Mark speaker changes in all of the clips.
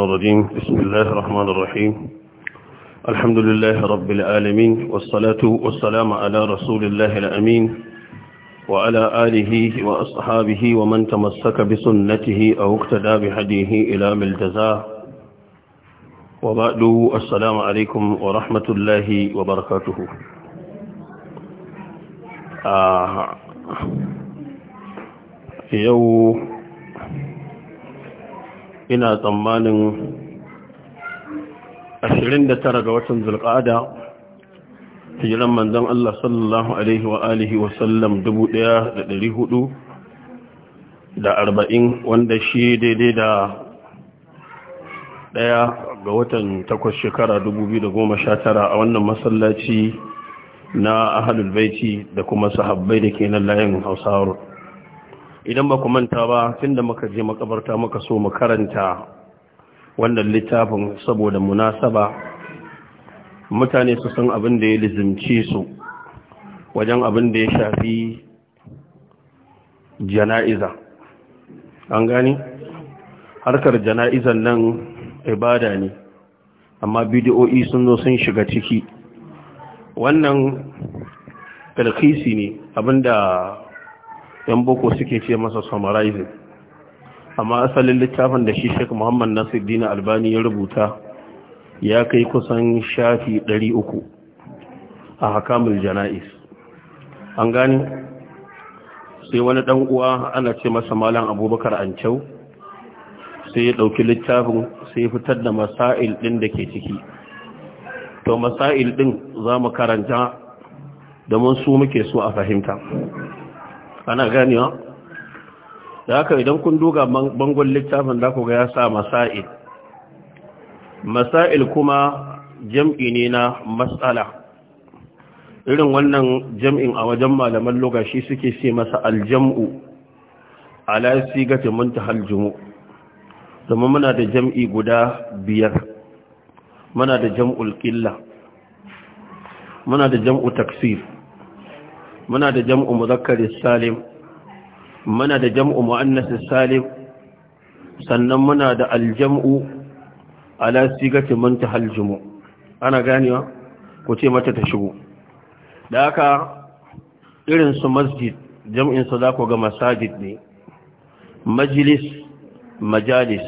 Speaker 1: الرجيم بسم الله الرحمن الرحيم الحمد لله رب العالمين والصلاة والسلام على رسول الله الأمين وعلى آله وأصحابه ومن تمسك بسنته أو اقتدى بهديه إلى ملتزا وبعد السلام عليكم ورحمة الله وبركاته آه. يوم ina tsammanin 29 ga watan zulƙada hijiran manzon Allah sallallahu alaihi wa alihi wa sallam 1440 wanda shi daidai da daya ga watan 8 shekara 2019 a wannan masallaci na ahlul baiti da kuma sahabbai da ke nan layin hausawar idan ba ku manta ba tun da muka je makabarta muka so mu karanta wannan littafin saboda munasaba mutane su san abin da ya lizimce su wajen abin da ya shafi jana'iza an gani harkar jana'izan nan ibada ne amma bidiyoyi sun zo sun shiga ciki wannan talkisi ne abinda yan boko suke ce masa summarizing amma asalin littafin da shi Sheikh Muhammad Nasiruddin Albani ya rubuta ya kai kusan shafi 300 a hakamul jana'is an gani sai wani dan uwa ana ce masa malam Abubakar Ancau sai ya dauki littafin sai ya fitar da masail din da ke ciki to masail din zamu karanta da su muke so a fahimta ana ganewa da haka idan kun duga bangon littafin da ku ga ya sa masail masail kuma jam'i ne na matsala irin wannan jam'in a wajen malaman lokaci suke ce masa aljam'u ala sigati muntahal jumu domin muna da jam'i guda biyar muna da jam'ul qilla muna da jam'u taksir muna da jam'u muzakkari salim muna da jam'u mu'annasi salim sannan muna da aljam'u ala manta haljimu. ana ganewa ku ce mata ta shigo da haka irin su masjid jam'in su za ku ga masajid ne majalis majalis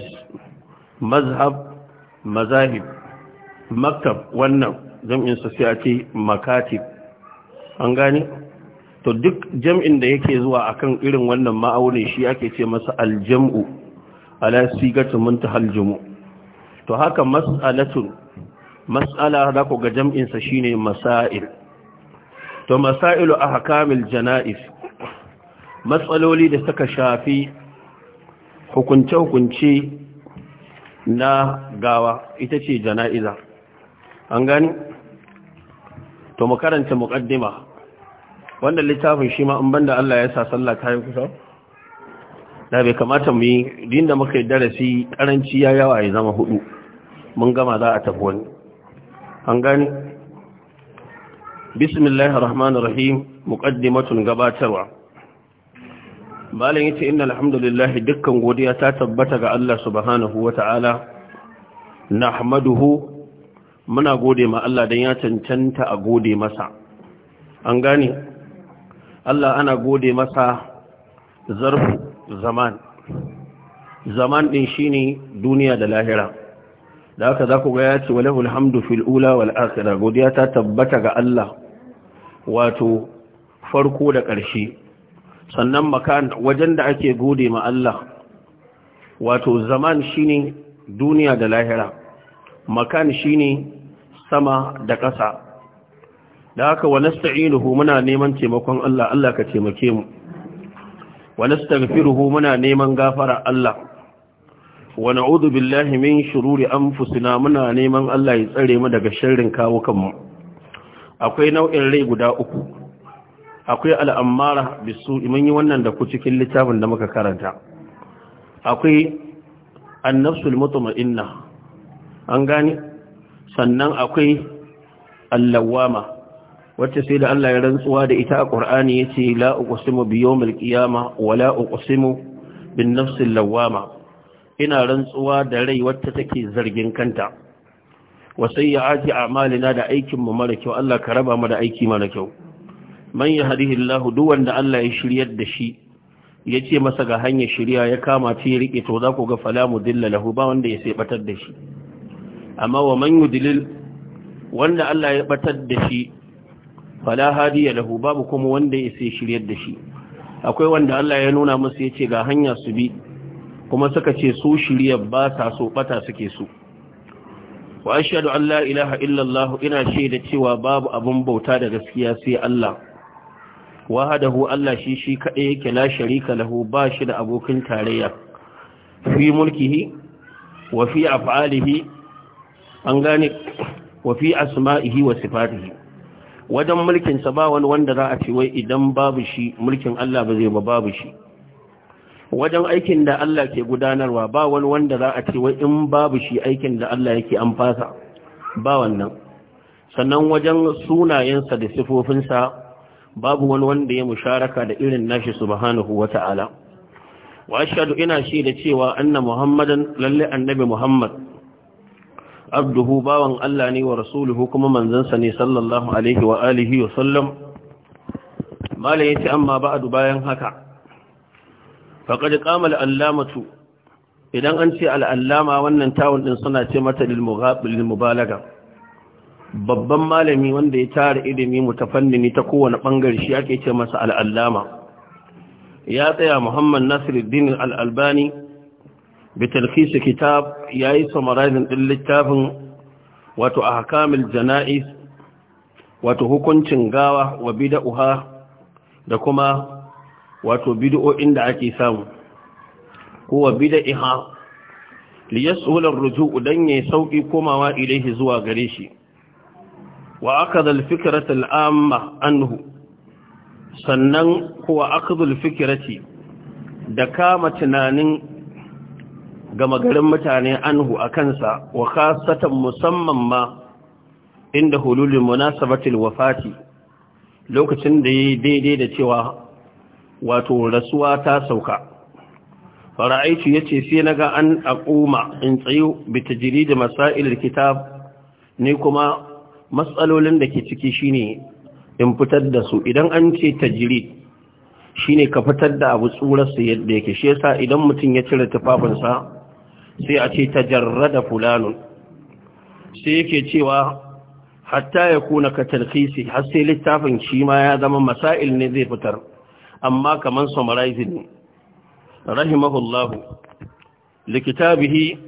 Speaker 1: mazhab mazahib maktab wannan jam'in su sai a ce makatib an gane to duk jam'in da yake zuwa akan irin wannan ma'aunin shi ake ce masa aljam'u ala sigatu muntahal jumu to haka mas'alatu, mas'ala da ku ga jam'in sa shine masail to masailu ahkamil janaiz matsaloli da suka shafi hukunce-hukunce na gawa ita ce jana'iza an gani to mu karanta muqaddima wannan littafin shi ma in banda Allah ya sa sallah ta yi kusa da bai kamata mu yi din da muka yi darasi karanci ya yawa ya zama hudu mun gama za a tafi wani an gani bismillahir rahmanir rahim muqaddimatun gabatarwa malam yace innal hamdulillah dukkan godiya ta tabbata ga Allah subhanahu wata'ala nahmaduhu muna gode ma Allah dan ya cancanta a gode masa an gane Allah ana gode masa zarfu zaman zaman din shine duniya da lahira da haka za ku ga ya ce walahul hamdu fil ula wal akhirah godiya ta tabbata ga Allah wato farko da ƙarshe sannan makan wajen da ake gode ma Allah wato zaman shine duniya da lahira makan shine sama da ƙasa da haka wa nasta'inuhu muna neman taimakon Allah Allah ka taimake mu wa nastaghfiruhu muna neman gafara Allah wa na'udhu billahi min shururi anfusina muna neman Allah ya tsare mu daga sharrin kawo kanmu akwai nau'in rai guda uku akwai al'amara, bisu mun yi wannan da ku cikin littafin da muka karanta akwai an-nafsul mutma'inna an gani sannan akwai allawama wacce sai da Allah ya rantsuwa da ita a Qur'ani yace la uqsimu bi yawmil qiyama wa la uqsimu bin nafsil lawama ina rantsuwa da rai wacce take zargin kanta wa sayyi'ati a'malina da aikin mu mara kyau Allah ka raba mu da aiki mara kyau man Allah duk wanda Allah ya shiryar da shi ya masa ga hanyar shirya ya kama ci ya to za ku ga mu dilla lahu ba wanda ya sai batar da shi amma wa man yudlil wanda Allah ya batar da shi fala hadiya lahu babu kuma wanda ya sai shiryar da shi akwai wanda Allah ya nuna musu ce ga hanya su bi kuma suka ce su shiryar ba ta so bata suke so wa ashhadu an la ilaha illa Allah ina shaida cewa babu abun bauta da gaskiya sai Allah wahadahu Allah shi shi kadai yake la sharika lahu ba shi da abokin tarayya fi mulkihi wa fi af'alihi an gane wa fi asma'ihi wa sifatihi wajen mulkin sa ba wani wanda za a ce wai idan babu shi mulkin Allah ba zai ba babu shi wajen aikin da Allah ke gudanarwa ba wani wanda za a ce wai in babu shi aikin da Allah yake an fasa ba wannan sannan wajen sunayensa da sifofinsa babu wani wanda ya musharaka da irin nashi subhanahu wata'ala wa ashhadu ina shi da cewa anna muhammadan lalle annabi muhammad abduhu bawan Allah ne wa rasuluhu kuma manzansa ne sallallahu alaihi wa alihi wa sallam mala yace amma ba'du bayan haka faqad qama al-allamatu idan an ce al-allama wannan tawun din suna ce mata lil mughabil mubalaga babban malami wanda ya tara ilimi mutafannini ta kowane bangare shi ake ce masa al-allama ya tsaya Muhammad Nasiruddin al-Albani بتلخيص كتاب ياي سمرايزن دين لتافن واتو احكام الجنائز واتو حكمين غاوا وبدعها da kuma wato bid'o'in da ake samu ko bid'iha liyasular ruju'u dan yayi sauki komawa ilaihi zuwa gare shi wa akadha al-fikrata al-amma anhu sannan kuwa akadha al-fikrati da kama tunanin gama garin mutane anhu a kansa wa khasatan musamman ma inda hululin munasabatil wafati lokacin da ya daidai da cewa wato rasuwa ta sauka fara'aitu ya ce sai naga an aquma in tsayo bi jiri da kitab ne kuma matsalolin da ke ciki shine in fitar da su idan an ce tajrid shine ka fitar da abu tsurarsa yadda yake shi yasa idan mutum ya cire tufafinsa sai a ce ta jarrada fulanun sai yake cewa hatta ya kuna ka talhisi har sai littafin shi ma ya zama masail ne zai fitar amma kaman summarizing ne rahimahullahu likitabihi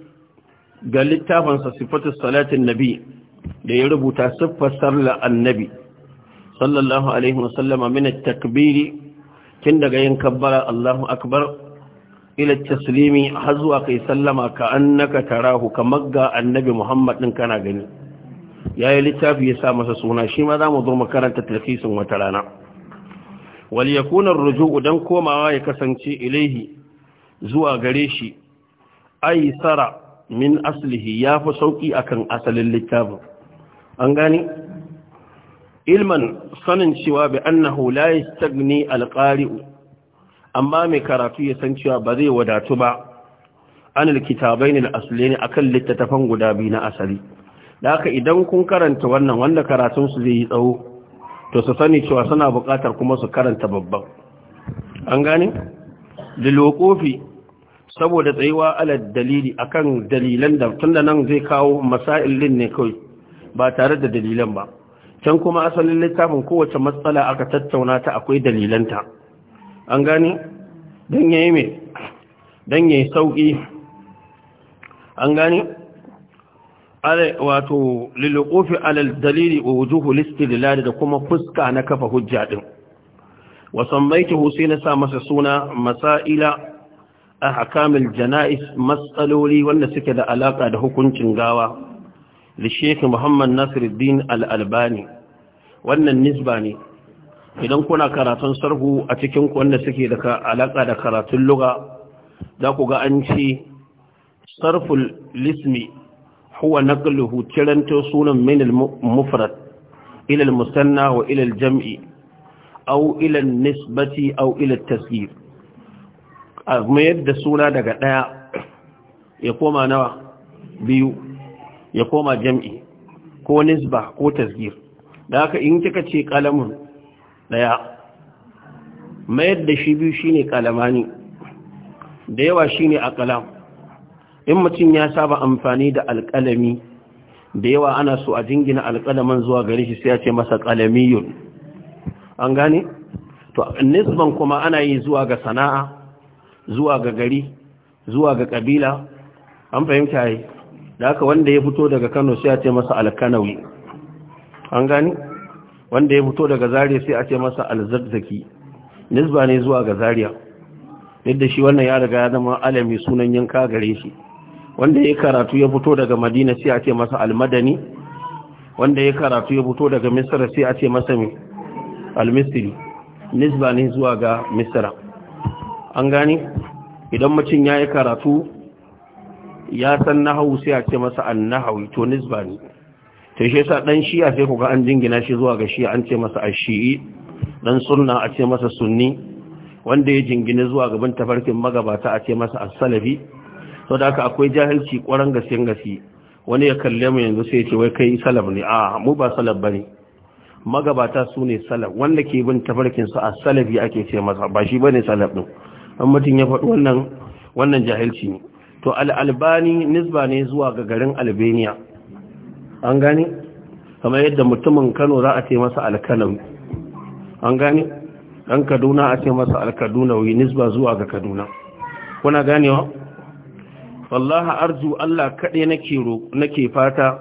Speaker 1: ga littafinsa sifatu salatin nabi da ya rubuta siffar sallar annabi sallallahu alaihi wasallama min at-takbiri tun daga yin kabbara Allahu akbar ila taslimi har zuwa kai sallama ka annaka tarahu kamar ga annabi Muhammad din kana gani yayi littafi ya sa masa suna shi ma zamu zo makaranta tarkisin wata rana wal yakuna ar-ruju'u dan komawa ya kasance ilaihi zuwa gare shi ay sara min aslihi yafi sauki akan asalin littafin an gani ilman sanin cewa bi annahu la yastagni al amma mai karatu ya san cewa ba zai wadatu ba an kitabai ne da asali ne akan littattafan guda biyu na asali da haka idan kun karanta wannan wanda karatun su zai yi tsawo to su sani cewa suna buƙatar kuma su karanta babban an gane dilokofi saboda tsayuwa ala dalili akan dalilan da tunda nan zai kawo masailin ne kawai ba tare da dalilan ba can kuma asalin littafin kowace matsala aka tattauna ta akwai dalilanta an gani don yayi mai don an gani wato lilqufi alal dalili wa wujuhu listilal da kuma fuska na kafa hujja ɗin. Wasan sammaituhu sai na sa masa suna masaila ahkamil janais matsaloli wanda suke da alaƙa da hukuncin gawa da Sheikh Muhammad Nasiruddin Al-Albani wannan nisba ne idan kuna karatun sarhu a cikin wanda suke da alaka da karatun luga za ku ga an ce sarful lismi huwa naqluhu tiranto sunan min al-mufrad ila al-musanna wa ila al-jam'i aw ila an-nisbati aw ila at-tasghir mayar da suna daga ɗaya ya koma nawa biyu ya koma jam'i ko nisba ko tasghir da haka in kika ce qalamun ɗaya mayar da shi biyu shine kalamani da yawa shine akalam in mutum ya saba amfani da alkalami da yawa ana so a jingina alkalaman zuwa gare shi sai ya ce masa kalamiyun an gane to nisban kuma ana yi zuwa ga sana'a zuwa ga gari zuwa ga kabila an fahimta yi da haka wanda ya fito daga Kano sai ya ce masa alkanawi an gane wanda ya fito daga zariya sai a ce masa alzarzaki nisba ne zuwa ga zariya yadda shi wannan ya riga ya zama alami sunan yanka gare shi wanda ya karatu ya fito daga madina sai a ce masa almadani wanda ya karatu ya fito daga Misira sai a ce masa almisiri nisba ne zuwa ga Misira. an gani idan mutum ya yi karatu ya san nahawu sai a ce masa annahawi to nisba ne sai shi yasa dan shi'a sai kuka an jingina shi zuwa ga shi'a an ce masa ashi'i dan sunna a ce masa sunni wanda ya jingina zuwa gaban tafarkin magabata a ce masa as-salafi to da haka akwai jahilci kwaran gaske gaske wani ya kalle mu yanzu sai ya ce wai kai salaf ne a mu ba salaf bane magabata su ne salaf wanda ke bin tafarkin su as-salafi ake ce masa ba shi bane salaf din an mutun ya faɗi wannan wannan jahilci ne to al-albani nisba ne zuwa ga garin albania an gane kamar yadda mutumin kano za a ce masa alkalam an gane ɗan kaduna a ce masa alkaduna wuyi nisba zuwa ga kaduna kuna ganewa wallaha arju allah kaɗai nake fata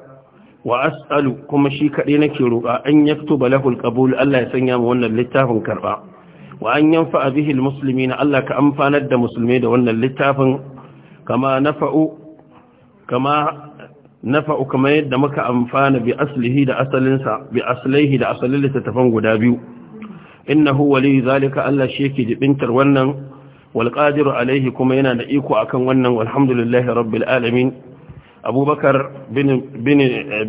Speaker 1: wa as'alu kuma shi kaɗai nake roƙa an yaktuba lahul qabul allah ya sanya mu wannan littafin karɓa wa an yanfa musulmi na allah ka amfanar da musulmai da wannan littafin kama nafa'u kama nafa'u kamar yadda muka amfana bi aslihi da asalinsa bi aslaihi da asalin littattafan guda biyu innahu wali zalika Allah shi yake jibintar wannan wal qadiru alaihi kuma yana da iko akan wannan alhamdulillahi rabbil alamin abubakar bin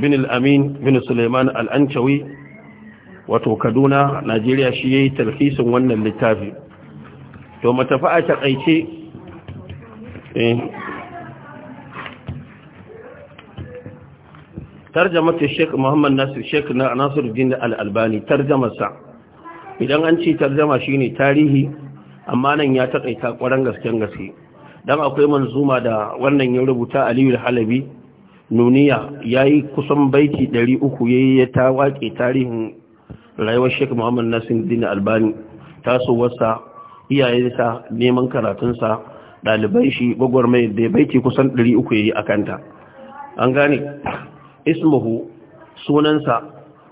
Speaker 1: bin al-amin bin suleiman al-anchawi wato kaduna najeriya shi yayi talhisin wannan littafi to matafa'a ta kaice eh, ta Sheikh Muhammad Nasir Sheikh na Nasiruddin Al-Albani sa idan an ce tarjama shine tarihi amma nan ya takaita kwaran gasken gaske dan akwai manzuma da wannan ya rubuta Aliyu halabi Nuniya yayi kusan baiti 300 yayi ya ta waƙe tarihin rayuwar Sheikh Muhammad Nasiruddin Al-Albani tasowarsa iyayensa neman karatunsa ɗalibai shi gwagwarmai da baiti kusan 300 a kanta. an gane ismuhu sunansa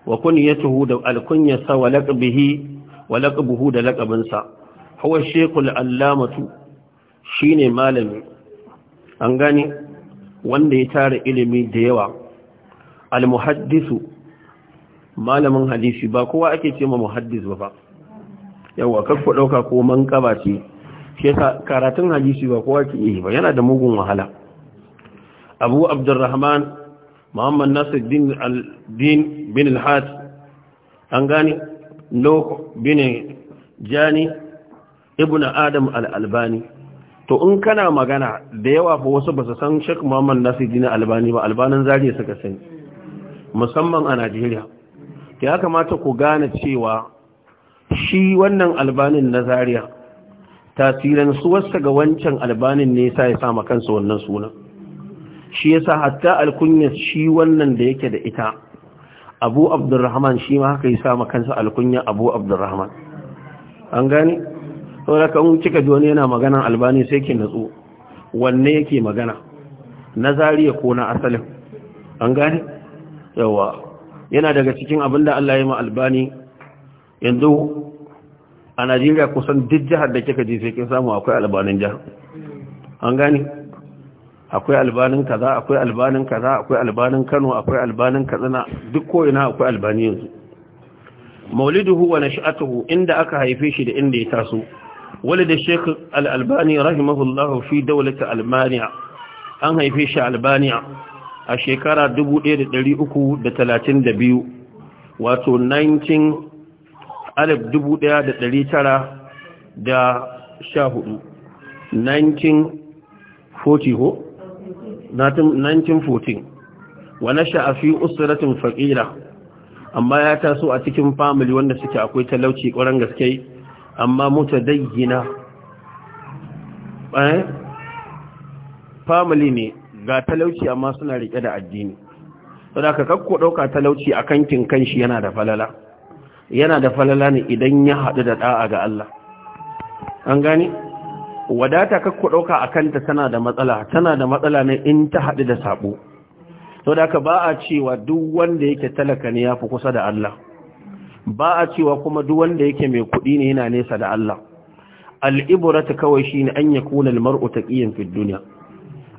Speaker 1: wa kunyatuhu da alkunyarsa wa laqabihi wa laqabuhu da laqabinsa huwa shaykhul allamatu shine malami an gane wanda ya tara ilimi da yawa almuhaddisu malamin hadisi ba kowa ake ce ma muhaddis ba yawa kakku dauka ko manqaba ce shi karatun hadisi ba kowa ke yi ba yana da mugun wahala abu abdurrahman muhammad nasir din bin al-had an gane nuh bin jani ibn adam al-albani to in kana magana da yawa fa wasu ba su san Sheikh Muhammad Nasir din al Albani ba albanan zariya suka sani musamman a Najeriya ya kamata ku gane cewa shi wannan albanin na zariya tasirin suwarsa ga wancan albanin ne sai ya sa kansa wannan sunan shi yasa hatta alkunyar shi wannan da yake da ita abu abdurrahman shi ma haka yi sama kansa alkunya abu abdurrahman an gani saboda kan kika ji wani yana maganan albani sai ke natsu wanne yake magana na zariya ko na asalin an gani yawa yana daga cikin abin da Allah ya ma albani yanzu a Najeriya kusan duk jihar da kika ji sai kin samu akwai albanin jihar an gani akwai albanin kaza akwai albanin kaza akwai albanin Kano akwai albanin Katsina duk ko ina akwai albani yanzu mauliduhu wa nash'atuhu inda aka haife shi da inda ya taso walida Sheikh Al-Albani rahimahullahu fi dawlati Albania an haife shi Albania a shekara 1332 wato 19 alif 1914 1940 1914 wa nasha a fi usratin faqira amma ya taso a cikin family wanda suke akwai talauci ƙoran gaske amma mutadayyina eh family ne ga talauci amma suna rike da addini saboda ka kakko dauka talauci a kankin kanshi yana da falala yana da falala ne idan ya haɗu da da'a ga Allah an gani wadata kakku ɗauka a kanta tana da matsala tana da matsala ne in ta haɗu da saɓo sau da ka ba a cewa duk wanda yake talaka ne ya fi kusa da Allah ba a cewa kuma duk wanda yake mai kuɗi ne yana nesa da Allah ta kawai shine ne an ya kuna mar'u ta ƙiyan fi duniya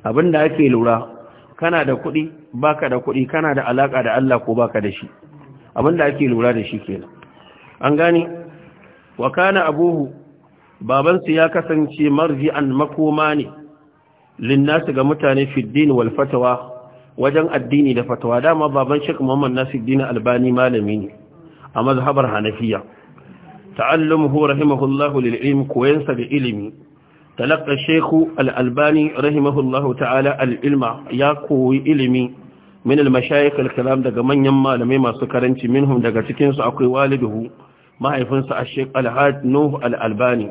Speaker 1: abin da ake lura kana da kuɗi baka da kuɗi kana da alaƙa da Allah ko baka da shi abin da ake lura da shi kenan an gane wa kana abuhu babansu ya kasance marji'an makoma ne linnasu ga mutane fiddin wal fatawa wajen addini da fatawa dama baban Sheikh na Nasiruddin Albani malami ne a mazhabar Hanafiya ta'allumuhu rahimahullahu lil koyansa da ilimi talaqqa sheku, al'albani, albani rahimahullahu ta'ala al'ilma, ya koyi ilimi min al-mashayikh daga manyan malamai masu karanci minhum daga cikinsu akwai waliduhu mahaifinsa a Sheikh Al-Had Nuh Al-Albani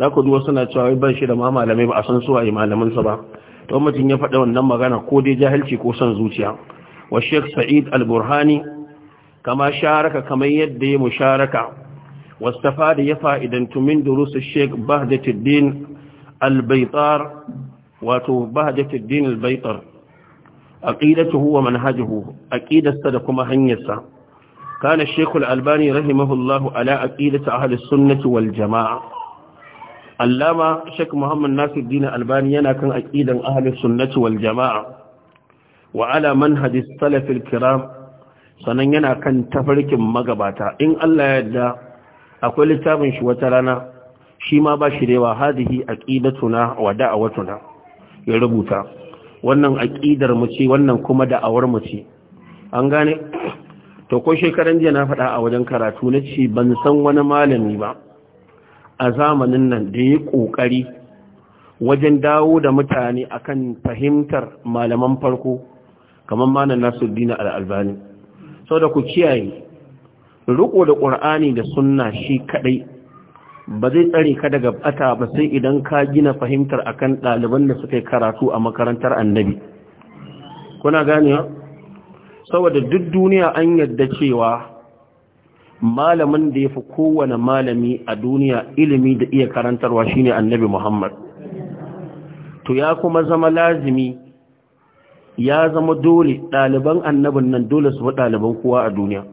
Speaker 1: za ku duwa suna cewa wai ban shi da ma malamai ba a san suwa yi malamansa ba to mutum ya faɗa wannan magana ko dai jahilci ko son zuciya wa sheikh sa'id al-burhani kama sharaka kamar yadda ya musharaka wastafa da ya fa'idantu min durusu sheikh bahdatuddin al-baitar wato bahdatuddin al-baitar aqidatuhu wa manhajuhu aqidarsa da kuma hanyarsa kana sheikh al-albani rahimahullahu ala aqidati ahli sunnati wal jama'a allama shek muhammad nasir dina albani yana kan aƙidan ahalin sunnati wal jama'a wa ala manhajis salafil kiram sanan yana kan tafarkin magabata in allah ya yarda akwai littafin shi wata rana shi ma ba shi rewa hadihi aqidatuna wa da'awatuna ya rubuta wannan aqidar mu ce wannan kuma da'awar mu ce an gane to ko shekaran jiya na faɗa a wajen karatu na ci ban san wani malami ba a zamanin nan da ya ƙoƙari wajen dawo da mutane akan fahimtar malaman farko kamar manan nasu dina al'albani sau da ku kiyaye riko da ƙur'ani da sunna shi kaɗai. ba zai tsare ka daga bata ba sai idan ka gina fahimtar akan ɗaliban da suka yi karatu a makarantar annabi kuna ganewa saboda duk duniya an yadda cewa malamin da ya fi kowane malami a duniya ilimi da iya karantarwa shine annabi Muhammad to ya kuma zama lazimi ya zama dole ɗaliban annabin nan dole su ɗaliban kowa a duniya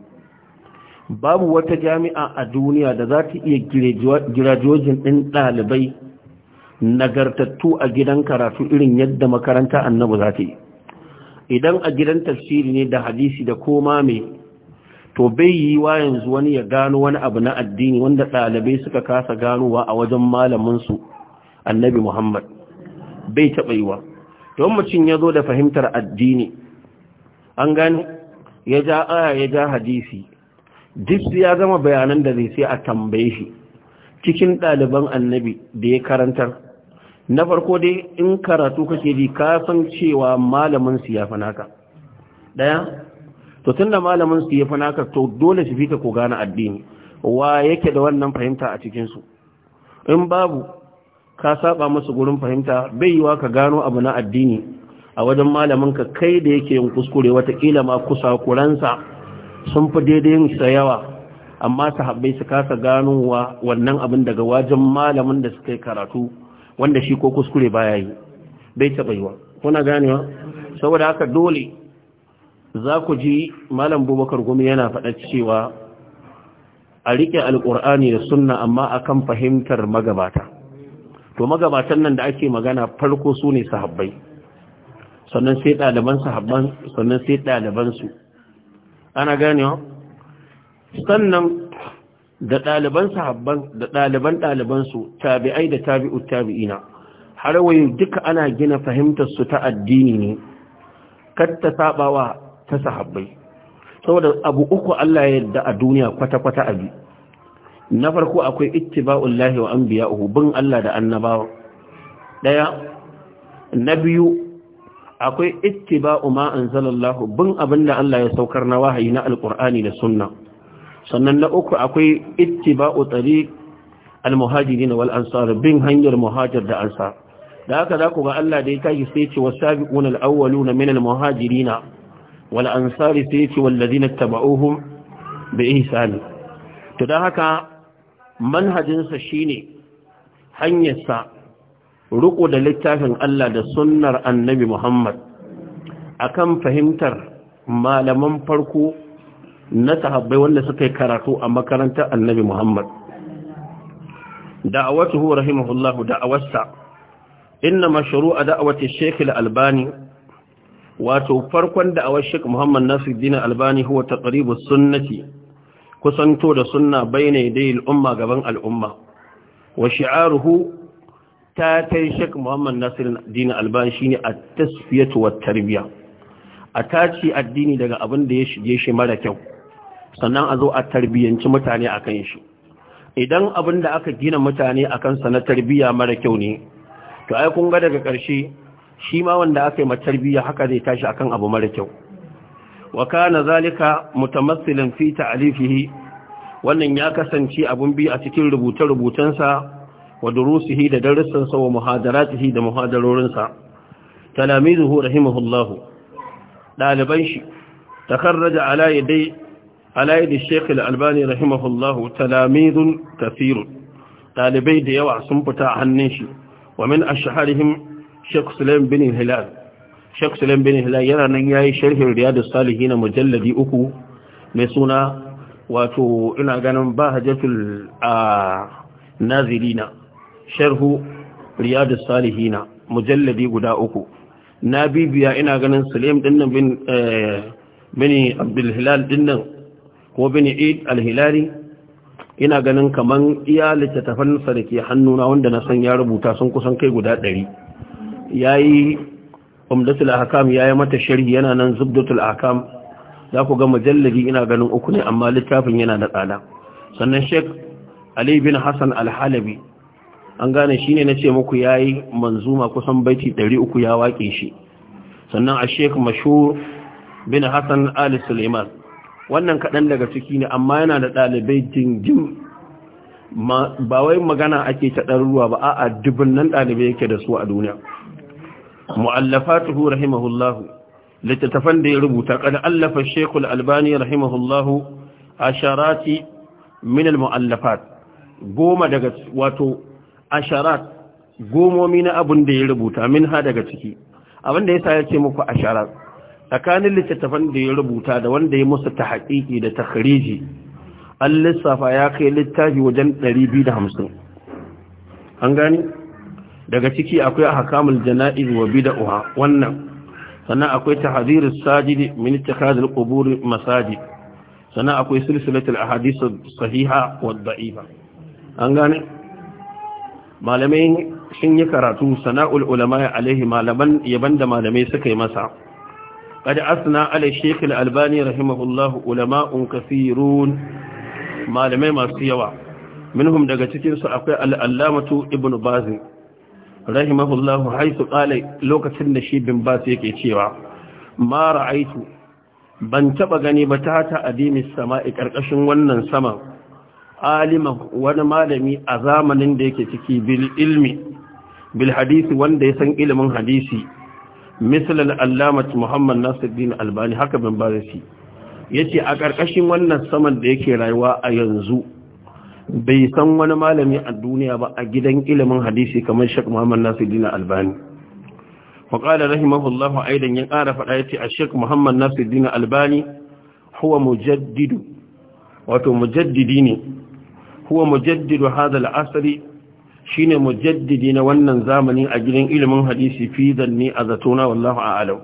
Speaker 1: babu wata jami'a a duniya da za ta iya girajojin ɗin ɗalibai nagartattu a gidan karatu irin yadda makaranta annabi za ta yi idan a gidan tafsiri ne da hadisi da koma mai to bai yi wa yanzu wani ya gano wani abu na addini wanda ɗalibai suka kasa ganowa a wajen malaminsu annabi muhammad bai taɓa yi wa don mutum ya zo da fahimtar addini an gane ya ja aya ya ja hadisi duk ya gama bayanan da zai sai a tambaye shi cikin ɗaliban annabi da ya karantar na farko dai in karatu kake ji ka san cewa malamin siyafa naka ɗaya to da malamin su yafi naka to dole su fita ko gane addini wa yake da wannan fahimta a cikin su in babu ka saba musu gurin fahimta bai yiwa ka gano abu na addini a wajen malamin ka kai da yake yin kuskure watakila ma kusa kuransa sun fi daidai sa yawa amma habbai su kasa ganowa wannan abin daga wajen malamin da suka karatu wanda shi ko kuskure baya yi bai taɓa yiwa kuna ganewa saboda haka dole za ku ji malam bubakar gumi yana faɗa cewa a riƙe alƙur'ani da sunna amma a kan fahimtar magabata to magabatan nan da ake magana farko su ne sahabbai sannan sai ɗaliban sahabban sannan sai ɗalibansu ana wa? sannan da ɗaliban sahabban da ɗaliban ɗaliban su tabi'ai da tabi'u tabi'ina har wayo duka ana gina fahimtar su ta addini ne kar ta sabawa ta sahabbai saboda abu uku Allah ya yarda a duniya kwata-kwata bi. na farko akwai ittiba'ul lahi wa anbiya'uhu bin Allah da annabawa daya na biyu akwai ittiba'u ma anzalallahu bin abinda Allah ya saukar na wahayi na alqur'ani da sunna sannan na uku akwai ittiba'u tariq almuhajirin wal ansar bin hanyar muhajir da ansar da haka za ku ga Allah da ya tashi sai ce wasabiquna alawwaluna min muhajirina. wal'ansari ansari sai yace wallazina tabauhum bi ihsani to da haka manhajinsa shi shine hanyarsa riƙo ruku da littafin Allah da sunnar annabi Muhammad akan fahimtar malaman farko na sahabbai wanda suka yi karatu a makarantar annabi Muhammad da'awatuhu rahimahullahu da'awarsa inna mashru'a da'awati Sheikh Al-Albani wato farkon da shek Muhammad dina Albani huwa ta ƙaribu sunnati kusanto da sunna baina yadai al'umma gaban al'umma wa shi'aruhu ta yi shek Muhammad dina Albani ne a tasfiyatu wa tarbiya a tace addini daga abin da ya shige shi mara kyau sannan a zo a tarbiyanci mutane akan shi idan abin da aka gina mutane akan kansa na tarbiya mara kyau ne to ai kun ga daga ƙarshe shi ma wanda aka yi tarbiyya haka zai tashi akan abu mara kyau wa kana zalika mutamassilin fi ta'alifihi wannan ya kasance abun bi a cikin rubuta-rubutansa wa durusihi da darussansa wa muhadaratihi da muhadarorinsa talamizuhu rahimahullahu daliban shi takarraja ala yadai ala yadi Sheikh Al-Albani rahimahullahu talamizun kathirun dalibai da yawa sun fita a hannun shi wa min ashharihim Sheikh Sulaim bin Hilal Sheikh Sulaim bin Hilal yana nan yayi sharhin Riyadus Salihin mujalladi uku mai suna wato ina ganin Bahajatul Nazirina sharhu Riyadus Salihin mujalladi guda uku na bibiya ina ganin Sulaim din nan bin eh, bin Abdul Hilal din nan ko bin Eid Al-Hilali ina ganin kaman iya littattafan sa da ke hannuna wanda na san ya rubuta sun kusan kai guda ɗari yayi umdatul ahkam yi mata sharhi yana nan zubdatul ahkam za ku ga mujalladi ina ganin uku ne amma littafin yana da tsada sannan Sheikh Ali bin Hassan alhalabi an gane shi ne na ce muku ya yayi manzuma kusan baiti 300 ya waƙe shi sannan a Sheikh Mashhur bin Hassan Ali Suleiman wannan kaɗan daga ciki ne amma yana da ɗalibai jinjin ba wai magana ake ta ruwa ba a nan ɗalibai yake da su a duniya mu'allafatuhu rahimahullahu littattafan da ya rubuta kada allafa shekul albani rahimahullahu asharati min almu'allafat goma daga wato asharat gomomi na abun da ya rubuta min ha daga ciki abin da yasa ya ce muku asharat tsakanin littattafan da ya rubuta da wanda ya musa ta haƙiƙi da takhriji an lissafa ya kai littafi wajen 250 an gani daga ciki akwai ahkamul jana'iz wa bid'ah wannan sannan akwai tahdhirus sajid min ittikhadil qubur masajid sannan akwai silsilatul ahadith sahiha wa da'ifa an gane malamai sun yi karatu sana'ul ulama alaihi malaman yaban da malamai suka yi masa قد أثنى على الشيخ الألباني رحمه الله علماء كثيرون ما لم يمسيوا منهم دقتين سأقول الألامة ابن بازن rahimahullahu haisu qala lokacin da shi bin bas yake cewa ma ra'aitu ban taba gani ba ta ta adimis sama'i karkashin wannan sama alima wani malami a zamanin da yake ciki bil ilmi bil hadisi wanda ya san ilimin hadisi misal al-allamat muhammad nasiruddin albani haka bin bas yace a karkashin wannan saman da yake rayuwa a yanzu bai san wani malami a duniya ba a gidan ilimin hadisi kamar Sheikh Muhammad Nasiruddin Albani wa qala rahimahullahu aidan ya ƙara faɗa yace a Sheikh Muhammad Nasiruddin Albani huwa mujaddidu wato mujaddidi ne huwa hadha al-asri shine mujaddidi na wannan zamani a gidan ilimin hadisi fi zanni azatuna wallahu a'lam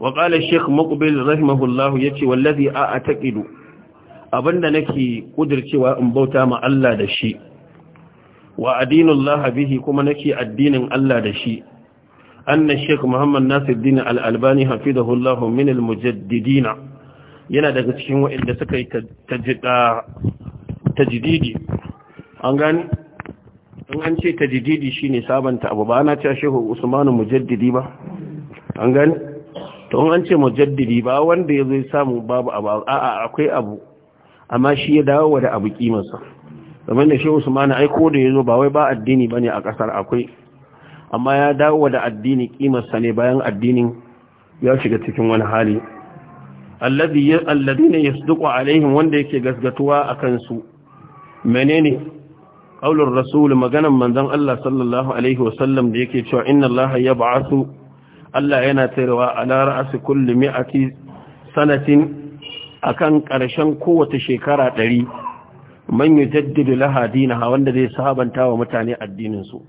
Speaker 1: wa qala Sheikh Muqbil rahimahullahu yace wallazi a'taqidu abinda nake kudircewa in bauta ma Allah da shi wa Allah bihi kuma nake addinin Allah da shi anna sheikh muhammad nasiruddin al-albani hafizahullahu min al-mujaddidin yana daga cikin waɗanda suka yi tajdidi an gani in an ce tajdidi shine sabanta abu ba ce cewa shehu usmanu mujaddidi ba an gani to in an ce mujaddidi ba wanda ya zai samu babu abu a'a akwai abu amma shi ya dawo da abu kimansa. kamar da shehu Usmanu ai ko da yazo ba wai ba addini bane a kasar akwai amma ya dawo da addini kimarsa ne bayan addinin ya shiga cikin wani hali alladhi alladhina yasduqu alaihim wanda yake gasgatuwa akan su menene qaulur rasul maganan manzon Allah sallallahu alaihi wasallam da yake cewa inna Allah yab'athu Allah yana tayarwa ala ra'si kulli mi'ati sanatin akan ƙarshen kowace shekara ɗari man yi jaddidu ha wanda zai sabanta wa mutane addininsu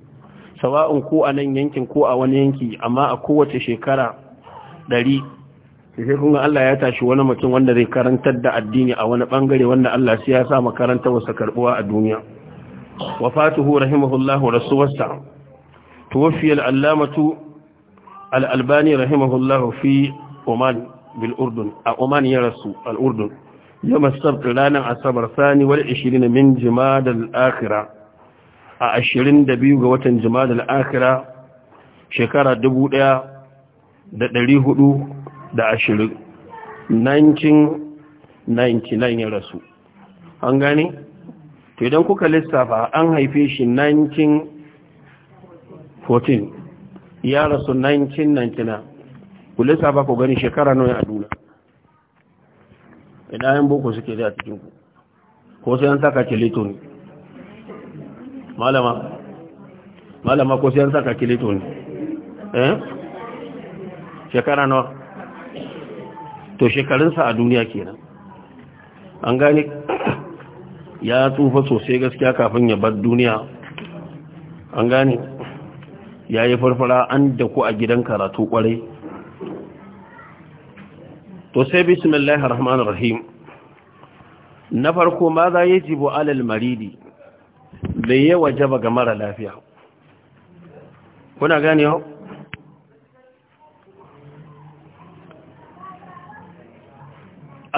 Speaker 1: sawa'un ko a nan yankin ko a wani yanki amma a kowace shekara ɗari sai kun Allah ya tashi wani mutum wanda zai karantar da addini a wani bangare wanda Allah sai ya sa makaranta wasa karbuwa a duniya wafatuhu rahimahullahu rasuwarsa tuwafiyar allamatu al'albani rahimahullahu fi oman bil urdun a oman ya rasu al urdun yawm as-sabt ranar asabar sani wal 20 min jumada al-akhirah a 22 ga watan jumada al-akhirah shekara 1420 1999 ya rasu an gane to idan kuka lissafa an haife shi 1914 ya rasu 1999 Kullum Safa ku gani shekara nawa a duniya idan ayin boko suke da cikin ku ko sai an saka kileto ne malama malama ko sai an saka kileto ne eh shekara nawa to shekarun sa a duniya kenan an gane ya tsufa sosai gaskiya kafin ya bar duniya an gane ya yi farfara an da ku a gidan karatu kwarai to sai bismillahir rahmanir rahim na farko ma za yajibu alal maridi da ya wajaba ga mara lafiya kuna gane ho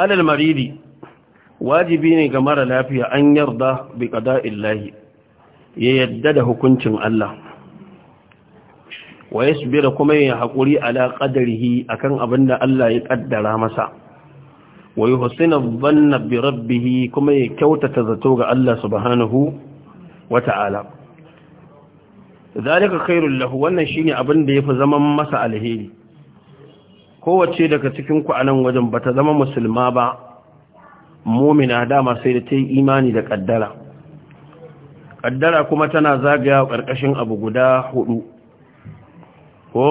Speaker 1: alal maridi wajibi ne ga mara lafiya an yarda bi Illahi, ya yadda da hukuncin Allah wa bera kuma ya haƙuri ala qadarihi akan abin da Allah ya ƙaddara masa wa yuhsinu dhanna bi rabbih kuma ya kyautata zato ga Allah subhanahu wata'ala zalika khairul lahu wannan shine abin da yafi zaman masa alheri kowace daga cikin ku anan wajen bata zama musulma ba mu'mina dama sai da ta yi imani da kaddara kaddara kuma tana zagaya ƙarƙashin abu guda hudu ko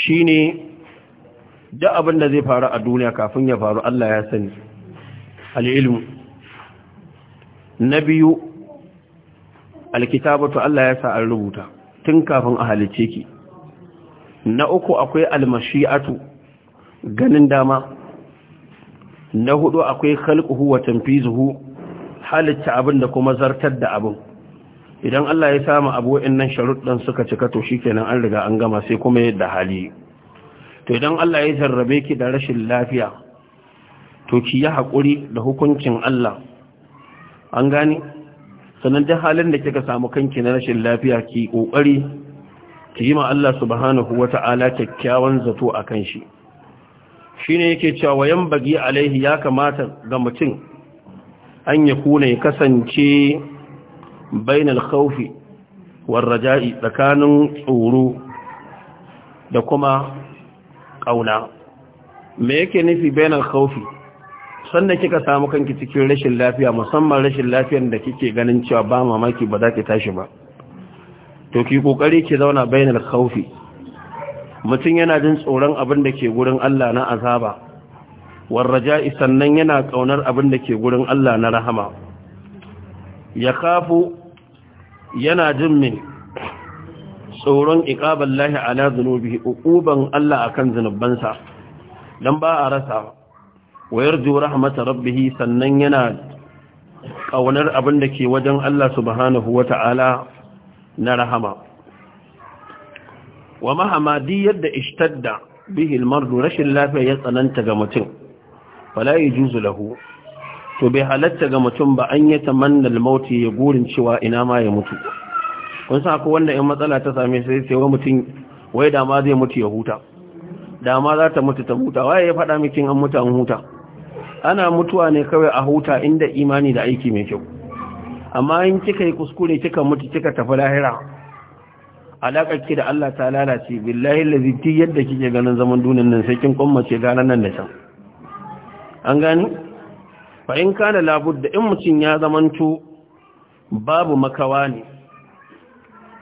Speaker 1: shi ne da abin da zai faru a duniya kafin ya faru Allah ya sani al'ilmu na biyu alkitabatu Allah ya sa an rubuta tun kafin a halice ki na uku akwai almashi'atu ganin dama na hudu akwai khalquhu wa tanfizuhu halitta abin da kuma zartar da abin idan Allah ya samu abu wa'annan sharuɗin suka cika to shikenan an riga an gama sai kuma yadda hali to idan Allah ya jarrabe ki da rashin lafiya to ki yi haƙuri da hukuncin Allah an gani sannan da halin da kika samu kanki na rashin lafiya ki ƙoƙari. ki yi ma Allah subhanahu wata'ala kyakkyawan zato a akan shi ne yake cewa yan bagi alaihi ya kamata ga mutum an ya kuna ya kasance bainal khawfi war raja'i tsakanin tsoro da kuma kauna me yake nufi bainar khawfi sannan kika samu kanki cikin rashin lafiya musamman rashin lafiyar da kike ganin cewa ba mamaki ba za ki tashi ba to ki kokari ki zauna bainar khawfi mutum yana jin tsoron abin da ke gurin Allah na azaba war raja'i sannan yana kaunar abin da ke gurin Allah na rahama ya kafu yana jin mai tsoron iqabar lahi ala zunubi uquban Allah akan zunubansa dan ba a rasa wayar ju rahmat rabbih sannan yana ƙaunar abin da ke wajen Allah subhanahu wata'ala na rahama wa mahamadi yadda ishtadda da al rashin lafiya ya tsananta ga mutum fala yajuzu lahu to bai halatta ga mutum ba an yi tamanna mauti ya gurin cewa ina ma ya mutu kun sa ko wanda in matsala ta same sai sai wa mutum wai da ma zai mutu ya huta da ma za ta mutu ta huta waye ya faɗa miki an mutu an huta ana mutuwa ne kawai a huta inda imani da aiki mai kyau amma in kika yi kuskure kika mutu kika tafi lahira alakar ki da Allah ta lalace billahi allazi ti yadda kike ganin zaman dunan nan sai kin kwammace ganan nan da can an gani fa in kana labudda in mutum ya zamanto babu makawa ne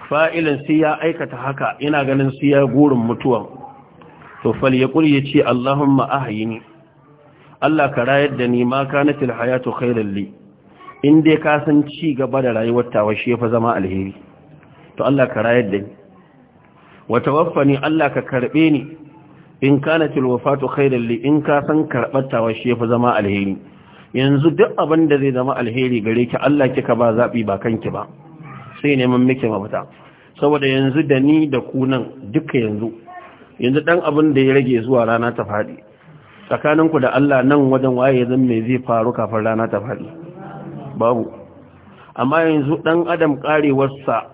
Speaker 1: fa'ilin sai ya aikata haka ina ganin sai ya gurin mutuwa to fal ya ce Allahumma ahyini Allah ka rayar da ni ma kanatil hayatu khairal li in dai ka san ci gaba da rayuwar tawa shi fa zama alheri to Allah ka rayar da ni wa tawaffani Allah ka karbe ni in kanatil wafatu khairal li in ka san karbar tawa shi fa zama alheri yanzu duk abin da zai zama alheri gare ki Allah kika ba zaɓi ba kanki ba sai neman miki mafita saboda yanzu da ni da ku nan duka yanzu yanzu dan abin da ya rage zuwa rana ta faɗi tsakaninku da Allah nan wajen waye zan mai zai faru kafin rana ta faɗi babu amma yanzu dan adam karewarsa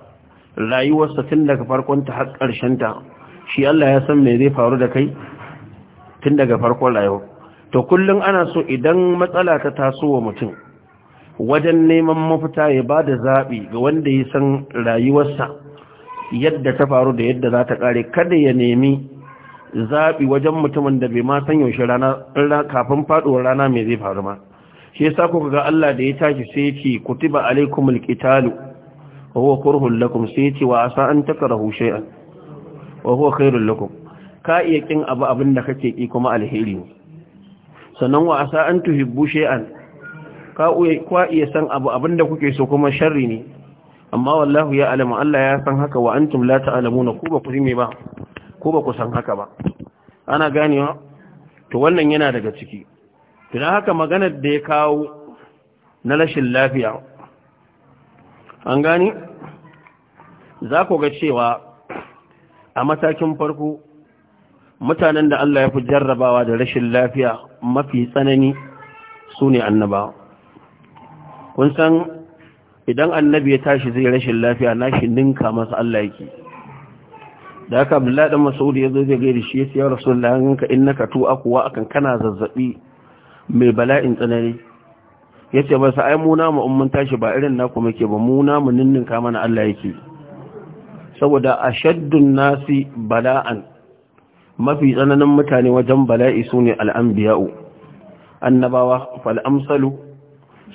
Speaker 1: rayuwarsa tun daga farkon ta har ƙarshen ta shi Allah ya san mai zai faru da kai tun daga farkon rayuwa to kullum ana so idan matsala ta taso wa mutum wajen neman mafita ya ba da zaɓi ga wanda ya san rayuwarsa yadda ta faru da yadda za ta ƙare kada ya nemi zaɓi wajen mutumin da bai ma san yaushe rana kafin faɗuwar rana mai zai faru ma shi yasa ku ga Allah da ya tashi sai ya ce kutiba alaikumul qitalu wa huwa kurhul lakum sai ya ce wa asa an takrahu shay'an wa huwa khairul lakum ka iya kin abu abin da kake ki kuma alheri ne sannan wa asa an tuhibbu shay'an ka iya san abu abinda kuke so kuma sharri ne amma wallahu ya alama Allah ya san haka wa antum la ta'lamuna ku ba ku rime ba ku ba ku san haka ba ana ganewa to wannan yana daga ciki to dan haka maganar da ya kawo na rashin lafiya an gani za ku ga cewa a matakin farko mutanen da Allah ya fi jarrabawa da rashin lafiya mafi tsanani su ne annaba. kun san idan annabi ya tashi zai rashin lafiya na shi ninka masa Allah yake da haka abdullahi dan mas'ud ya zo zai da shi ya siya rasu, in an ka katu tu kuwa akan kana zazzaɓi mai bala'in tsanani yace ba sai ai muna mu tashi ba irin naku ke ba mu namu ninninka mana Allah yake saboda a shaddun nasi bala'an mafi tsananin mutane wajen bala'i su ne al'ambiya'u annabawa fal'amsalu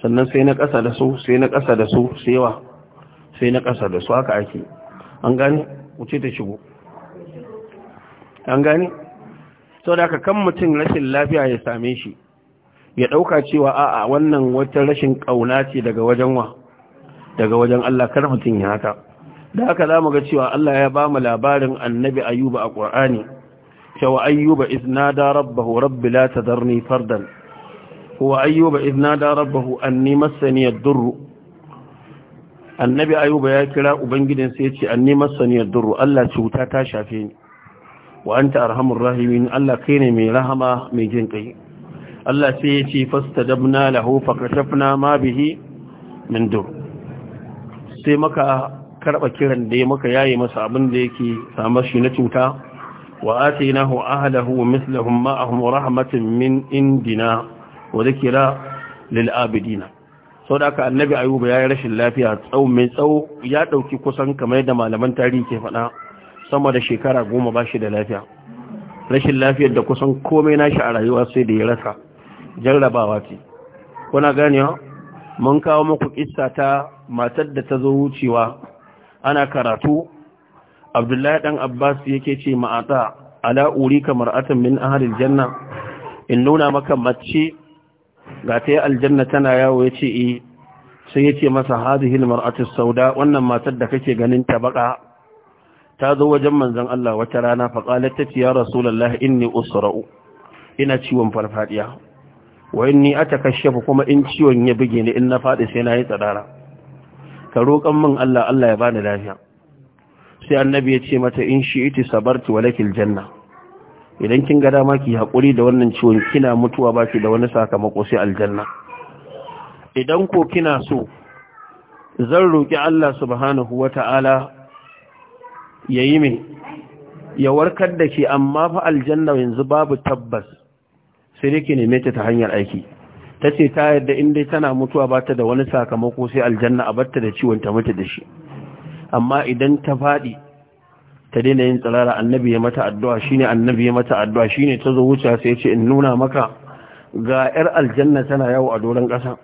Speaker 1: sannan sai na ƙasa da su sai na ƙasa da su sewa sai na ƙasa da su haka ake an gane wuce ta shigo an gane sau da kan mutum rashin lafiya ya same shi ya ɗauka cewa a'a wannan wata rashin ƙauna ce daga wajen wa daga wajen Allah kar mutum ya haka da haka za mu ga cewa Allah ya ba mu labarin annabi ayuba a ƙwar'ani cewa ayyuba iz nada rabbahu rabbi la tadarni fardan wa ayyuba iz nada rabbahu anni massani ad-durr annabi ayyuba ya kira ubangijin sai yace anni massani ad-durr Allah cuta ta shafe ni wa anta arhamur rahimin Allah kai ne mai rahama mai jin kai Allah sai yace fastadabna lahu fakashafna ma bihi min dur sai maka karba kiran da ya maka yayi masa abin da yake samar shi na cuta وآتيناه أهله مثلهم معهم رحمة من إندنا وذكرى للآبدين sau da aka annabi ayuba ya yi rashin lafiya tsawo mai tsawo ya ɗauki kusan kamar da malaman tarihi ke faɗa sama da shekara goma ba shi da lafiya rashin lafiyar da kusan komai nashi a rayuwa sai da ya rasa jarrabawa ce kuna ganewa mun kawo maku kissa ta matar da ta zo wucewa ana karatu abdullahi dan abbas yake ce ma'ata ala kamar mar'atan min ahlil janna in nuna maka mace ga ta yi aljanna tana yawo yace eh sai yace masa hilmar almar'atu sauda wannan matar da kake ganin ta baka ta zo wajen manzon Allah wata rana fa qalat ta ya rasulullahi inni usra'u ina ciwon farfadiya wa inni atakashafu kuma in ciwon ya buge ni in na fadi sai na yi tsadara ka roƙan min Allah Allah ya bani lafiya sai annabi ya ce mata in shi iti walakil janna idan kin ga dama ki hakuri da wannan ciwon kina mutuwa ba ki da wani sakamako sai aljanna idan ko kina so zan roki Allah subhanahu wata'ala yayi mai ya warkar da ki amma fa aljanna yanzu babu tabbas sai dai ki neme ta ta hanyar aiki tace ta yadda in dai tana mutuwa ba ta da wani sakamako sai aljanna a batta da ciwon ta mutu da shi amma idan ta faɗi ta daina yin tsirara annabi ya mata addu'a shine annabi ya mata addu'a Shi ne ta zo wuce sai ce in nuna maka ga yar aljanna tana yawo a doron ƙasa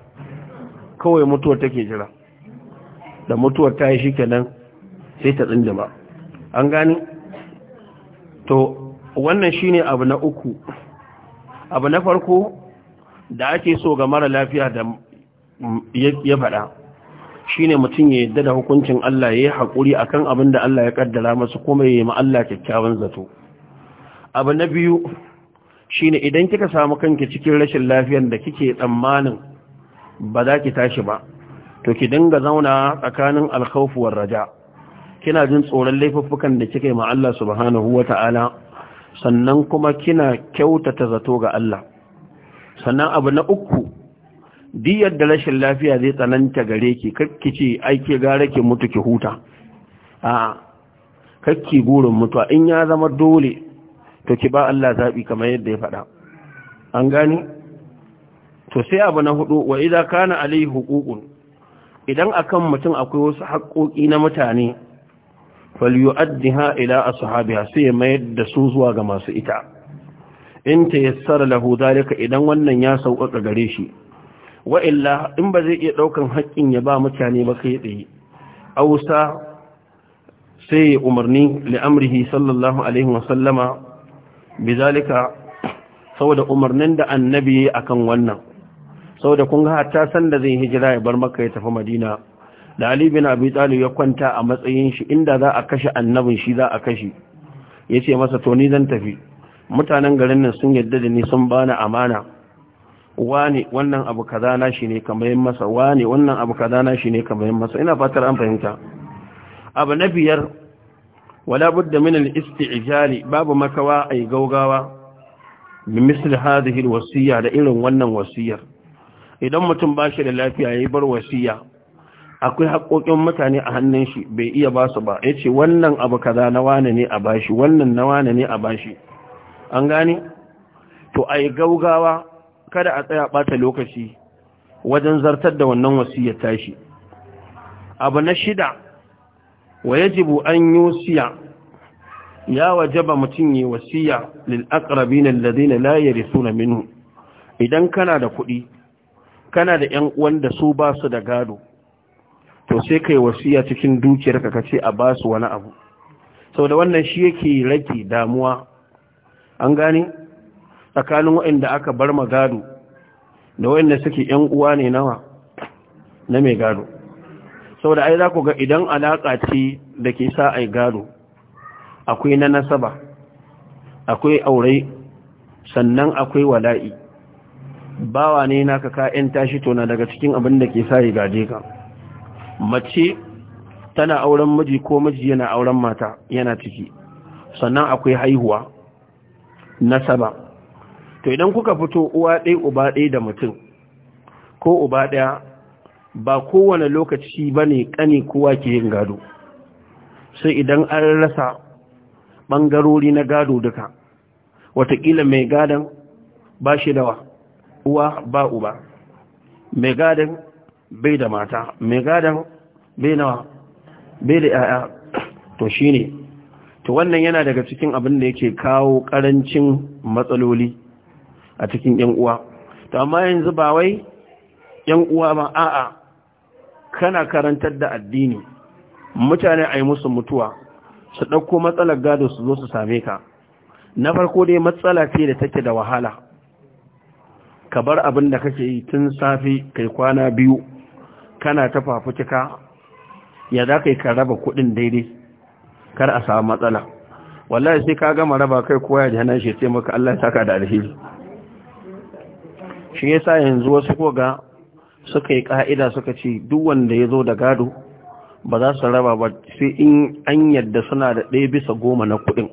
Speaker 1: kawai mutuwar take jira da mutuwar ta yi shi nan sai ta tsinjima an gani to wannan shi ne abu na uku abu na farko da ake so ga mara lafiya da ya faɗa shine mutum ya yadda da hukuncin Allah ya yi haƙuri a kan abin da Allah ya ƙaddara masu kuma ya yi ma'alla kyakkyawan zato abu na biyu Shi ne idan kika samu kanki cikin rashin lafiyar da kike tsammanin ba za ki tashi ba to ki dinga zauna tsakanin alkhaufuwar raja kina jin tsoron laifuffukan da kika ma Allah subhanahu wata'ala sannan kuma kina kyautata zato ga Allah sannan abu na uku diyar da rashin lafiya zai tsananta gare ki kakki ce aiki gara ki mutu ki huta a kakki gurin mutuwa in ya zama dole to ki ba Allah zaɓi kamar yadda ya faɗa an gani to sai abu na hudu wa idan kana alai hukukun idan akan mutum akwai wasu haƙoƙi na mutane falyu'addiha ila ashabiha sai ya mayar da su zuwa ga masu ita in tayassara lahu zalika idan wannan ya sauƙaƙa gare shi wa illa in ba zai iya ɗaukan haƙƙin ya ba mutane ba kai tsaye ausa sai ya umarni li'amrihi sallallahu alaihi wa saboda umarnin da annabi akan wannan saboda kun ga san da zai hijira ya bar maka ya tafi madina da na bin abi ya kwanta a matsayin shi inda za a kashe annabin shi za a kashe yace masa to ni zan tafi mutanen garin nan sun yadda da ni sun bani amana wani wannan abu kaza na shi ne kamar masa wani wannan abu kaza na shi ne kamar masa ina fatar an fahimta abu na biyar wala budda min al-isti'jali babu makawa yi gaugawa bi misl hadhihi al-wasiyya da irin wannan wasiyar idan mutum ba shi da lafiya yayi bar wasiyya akwai haƙoƙin mutane a hannun shi bai iya ba su ba ya ce wannan abu kaza na wane ne a bashi wannan na wane ne a bashi an gane to a yi gaugawa kada a tsaya bata lokaci wajen zartar da wannan wasiyar tashi abu na shida wa yajibu an yusiya ya wajaba mutum yi wasiya lil aqrabin na la suna Minu. idan kana da kuɗi kana da 'yan uwan da su ba su da gado to sai kai wasiya cikin dukiyarka ce a ba su wani abu Sau da wannan shi yake rage damuwa an gani tsakanin waɗanda aka bar magado da waɗanda suke ‘yan uwa ne nawa na mai gado sau da ai za ku ga idan alaƙa ce da ke sa ai gado akwai na nasaba akwai aure sannan akwai wala'i bawa ne na ka ka'yan tashi tona daga cikin abin da ke sa ya gaje ka mace tana auren miji ko miji yana auren mata yana ciki sannan akwai haihuwa nasaba to idan kuka fito uwa ɗaya uba ɗaya da mutum ko uba ɗaya ba kowane lokaci ba ne ƙani kowa ke yin gado sai idan an rasa ɓangarori na gado duka watakila mai gadon ba shi dawa uwa ba uba mai gadon bai da mata mai gadon bai nawa bai da 'ya'ya to shi ne to wannan yana daga cikin abin da yake kawo ƙarancin matsaloli a cikin ‘yan uwa to amma yanzu ba wai ‘yan uwa ba a'a kana karantar da addini mutane a yi musu mutuwa su ɗauko matsalar gado su zo su same ka na farko dai matsala ce da take da wahala ka bar abin da kake yi tun safe kai kwana biyu kana ta fafutuka ya za ka yi ka raba kuɗin daidai kar a samu matsala wallahi sai ka gama raba kai koya da hannun shi sai maka Allah ya saka da alheri shi sa yanzu wasu koga suka yi ka'ida suka ce duk wanda ya zo da gado ba za su raba ba sai in an yadda suna da ɗaya bisa goma na kuɗin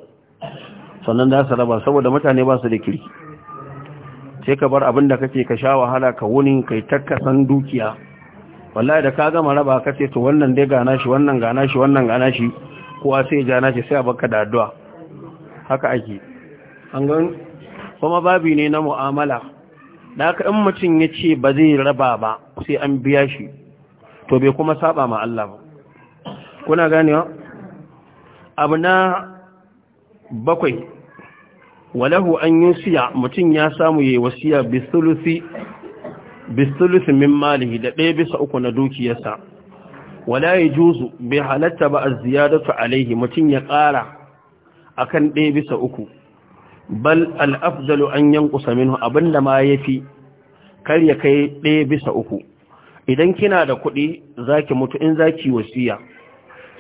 Speaker 1: sannan za su raba saboda mutane ba su da kirki sai ka bar abin da kake ka sha wahala ka wuni kai takkasan dukiya wallahi da ka gama raba ka ce to wannan dai gana shi wannan gana shi wannan gana shi kowa sai gana shi sai a baka da addu'a haka ake an gan kuma babi ne na mu'amala da haka in mutum ya ce ba zai raba ba sai an biya shi to bai kuma saba ma Allah ba kuna ganewa abu na bakwai walahu an yi siya mutum ya samu yi wasiya bisulusi min malihi da ɗaya bisa uku na dukiyarsa wala ya juzu bai halatta ba a ziyararsa alaihi mutum ya ƙara akan ɗaya bisa uku bal al al'afdalu an yankusa minhu abinda ma ya fi kar ya kai ɗaya bisa uku idan kina da kuɗi za ki mutu in za ki wasiya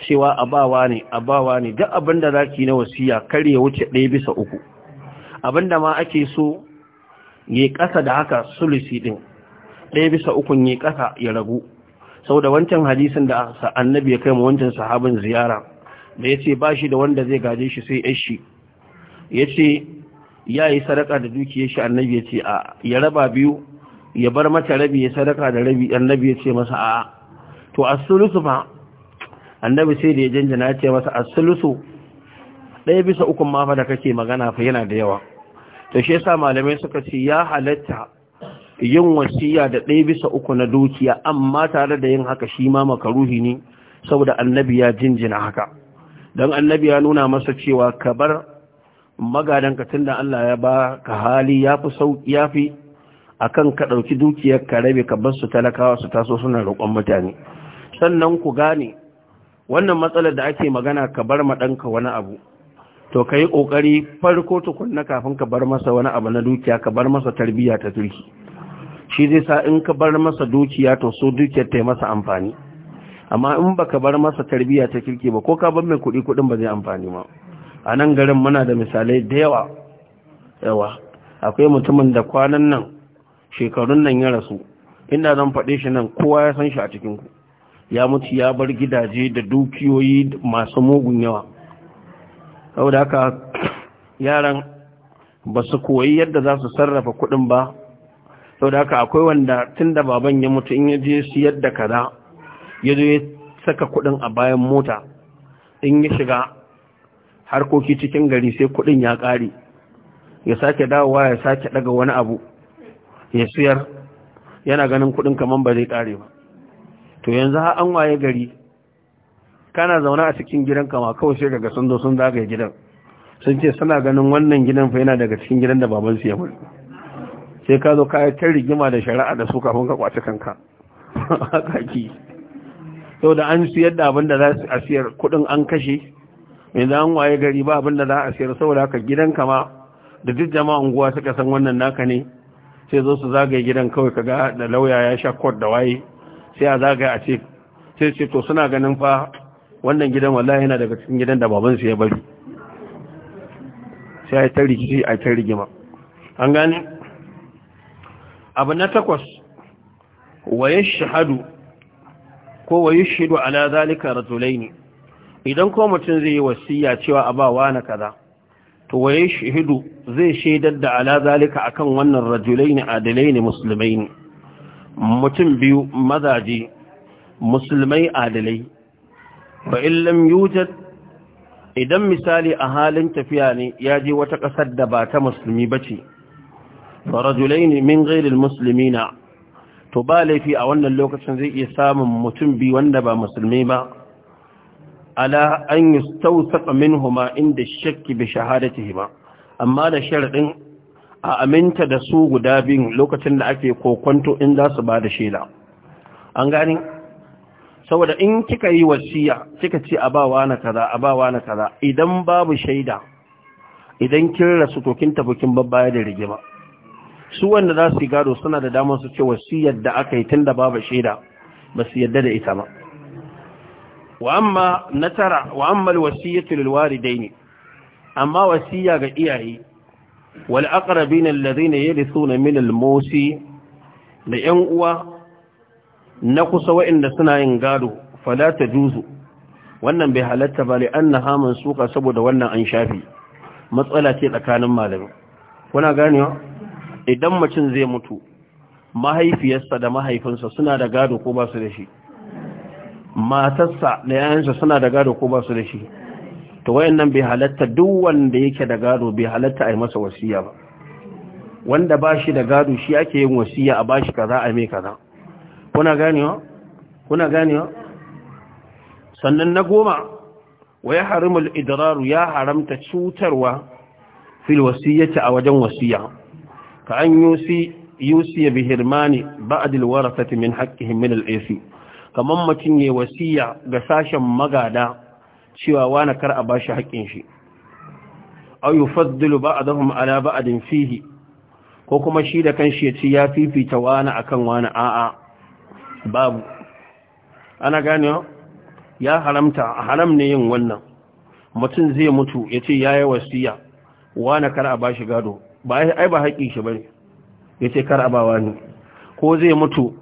Speaker 1: cewa abawa ne abawa ne duk abinda za ki na wasiya kar ya wuce ɗaya bisa uku abinda ma ake so ya ƙasa da haka sulusi ɗin ɗaya bisa ukun ya ƙasa ya ragu sau da wancan hadisin da annabi ya kai mu wancan sahabin ziyara da ya ce ba shi da wanda zai gaje shi sai yashi ya ce ya yi sadaka da dukiyar shi annabi ya ce a ya raba biyu ya bar mata rabi ya sadaka da rabi annabi ya ce masa a to as-sulusu fa annabi sai da ya janjana ya ce masa as-sulusu ɗaya bisa ukun ma fa da kake magana fa yana da yawa to shi yasa malamai suka ce ya halatta yin wasiya da ɗaya bisa uku na dukiya amma tare da yin haka shi ma makaruhi ne saboda annabi ya jinjina haka don annabi ya nuna masa cewa ka bar magadan ka tunda Allah ya ba ka hali ya fi sauki ya fi akan ka ɗauki dukiyar ka rabe ka bar su talakawa su taso suna roƙon mutane sannan ku gane wannan matsalar da ake magana ka bar ma wani abu to ka yi ƙoƙari farko tukunna kafin ka bar masa wani abu na dukiya ka bar masa tarbiyya ta turki shi zai sa in ka bar masa dukiya to so dukiyar ta yi masa amfani amma in baka bar masa tarbiyya ta kirki ba ko ka bar mai kuɗi kuɗin ba zai amfani ma a nan garin muna da misalai da yawa yawa akwai mutumin da kwanan nan shekarun nan ya rasu inda zan faɗe shi nan kowa ya san shi a cikinku ya mutu ya bar gidaje da dukiyoyi masu mugun yawa saboda haka yaran ba su koyi yadda za su sarrafa kuɗin ba saboda haka akwai wanda tun da baban ya mutu in ya je su da kaza ya zo ya saka kuɗin a bayan mota in ya shiga harkoki cikin gari sai kuɗin ya ƙare ya sake dawowa ya sake daga wani abu ya siyar yana ganin kuɗin kaman ba zai kare ba to yanzu ha an waye gari kana zaune a cikin gidan kama kawai sai daga sun zo sun zagaye gidan sun ce suna ganin wannan gidan fa yana daga cikin gidan da baban su ya mulki sai ka zo ka yi ta rigima da shari'a da su kafin ka kwace kanka haka ki da an siyar da abin da za su a siyar kuɗin an kashe idan an waye gari ba abin da za a sayar saboda haka gidan ma da duk jama'a unguwa suka san wannan naka ne sai zo su zagaye gidan kawai kaga da lauya ya sha kwat da waye sai a zagaye a ce sai ce to suna ganin fa wannan gidan wallahi yana daga cikin gidan da baban su ya bari sai ai ta rikici ai ta rigima an gane abu na takwas wa yashhadu ko wa yashhadu ala zalika rajulaini idan ko mutum zai yi wasiya cewa a bawa na kaza to waye shahidu zai shaidar da ala zalika akan wannan adalai ne musulmai mutum biyu mazaje musulmai adalai fa illam yujad idan misali a halin tafiya ne ya je wata ƙasar da ba ta musulmi bace rajulai ne min musulmi na, to ba laifi a wannan lokacin zai iya samun mutum biyu wanda ba musulmi ba ala an min minhuma inda shakki bi hima, amma da sharadin a aminta da su guda biyun lokacin da ake kokonto in za su da shela an gani saboda in kika yi wasiya kika ce a bawa na kaza a bawa na kaza idan babu shaida idan kin rasu to kin tafi kin babbaya da rigima su wanda za su yi gado suna da damar su ce wasiyar da aka yi tun da babu shaida ba su yarda da ita ba wa amma na tara wa amma alwasiyatu amma wasiya ga iyaye wal aqrabina alladhina yarithuna min almusi da yan uwa na kusa wa'inda suna yin gado fala duzu. wannan bai halatta ba li annaha mansuka saboda wannan an shafi matsala ce tsakanin malami kuna ganewa idan mutum zai mutu mahaifiyarsa da mahaifinsa suna da gado ko ba su da shi matarsa da yayansa suna da gado ko ba su da shi to wayannan bai halatta duk wanda yake da gado bai halatta a yi masa wasiya ba wanda ba shi da gado shi ake yin wasiya a ba shi kaza a mai kaza kuna ganewa kuna sannan na goma Waya ya harimul idraru ya haramta cutarwa fil wasiyyati a wajen wasiya ka an yusi yusi bi hirmani ba'd al warathati min haqqihim min al kamar mutum ya wasiya ga sashen magada cewa wani kar a bashi haƙƙin shi a yufaddilu ma'ana ala a fihi ko kuma shi da kanshi ya ce ya fifita wani a kan wani a'a babu ana gane ya haramta A haram ne yin wannan mutum zai mutu ya ce ya yayi wasiya wani kar a bashi gado ba ai ba haƙƙin shi ne. ya ce kar a ba wani ko zai mutu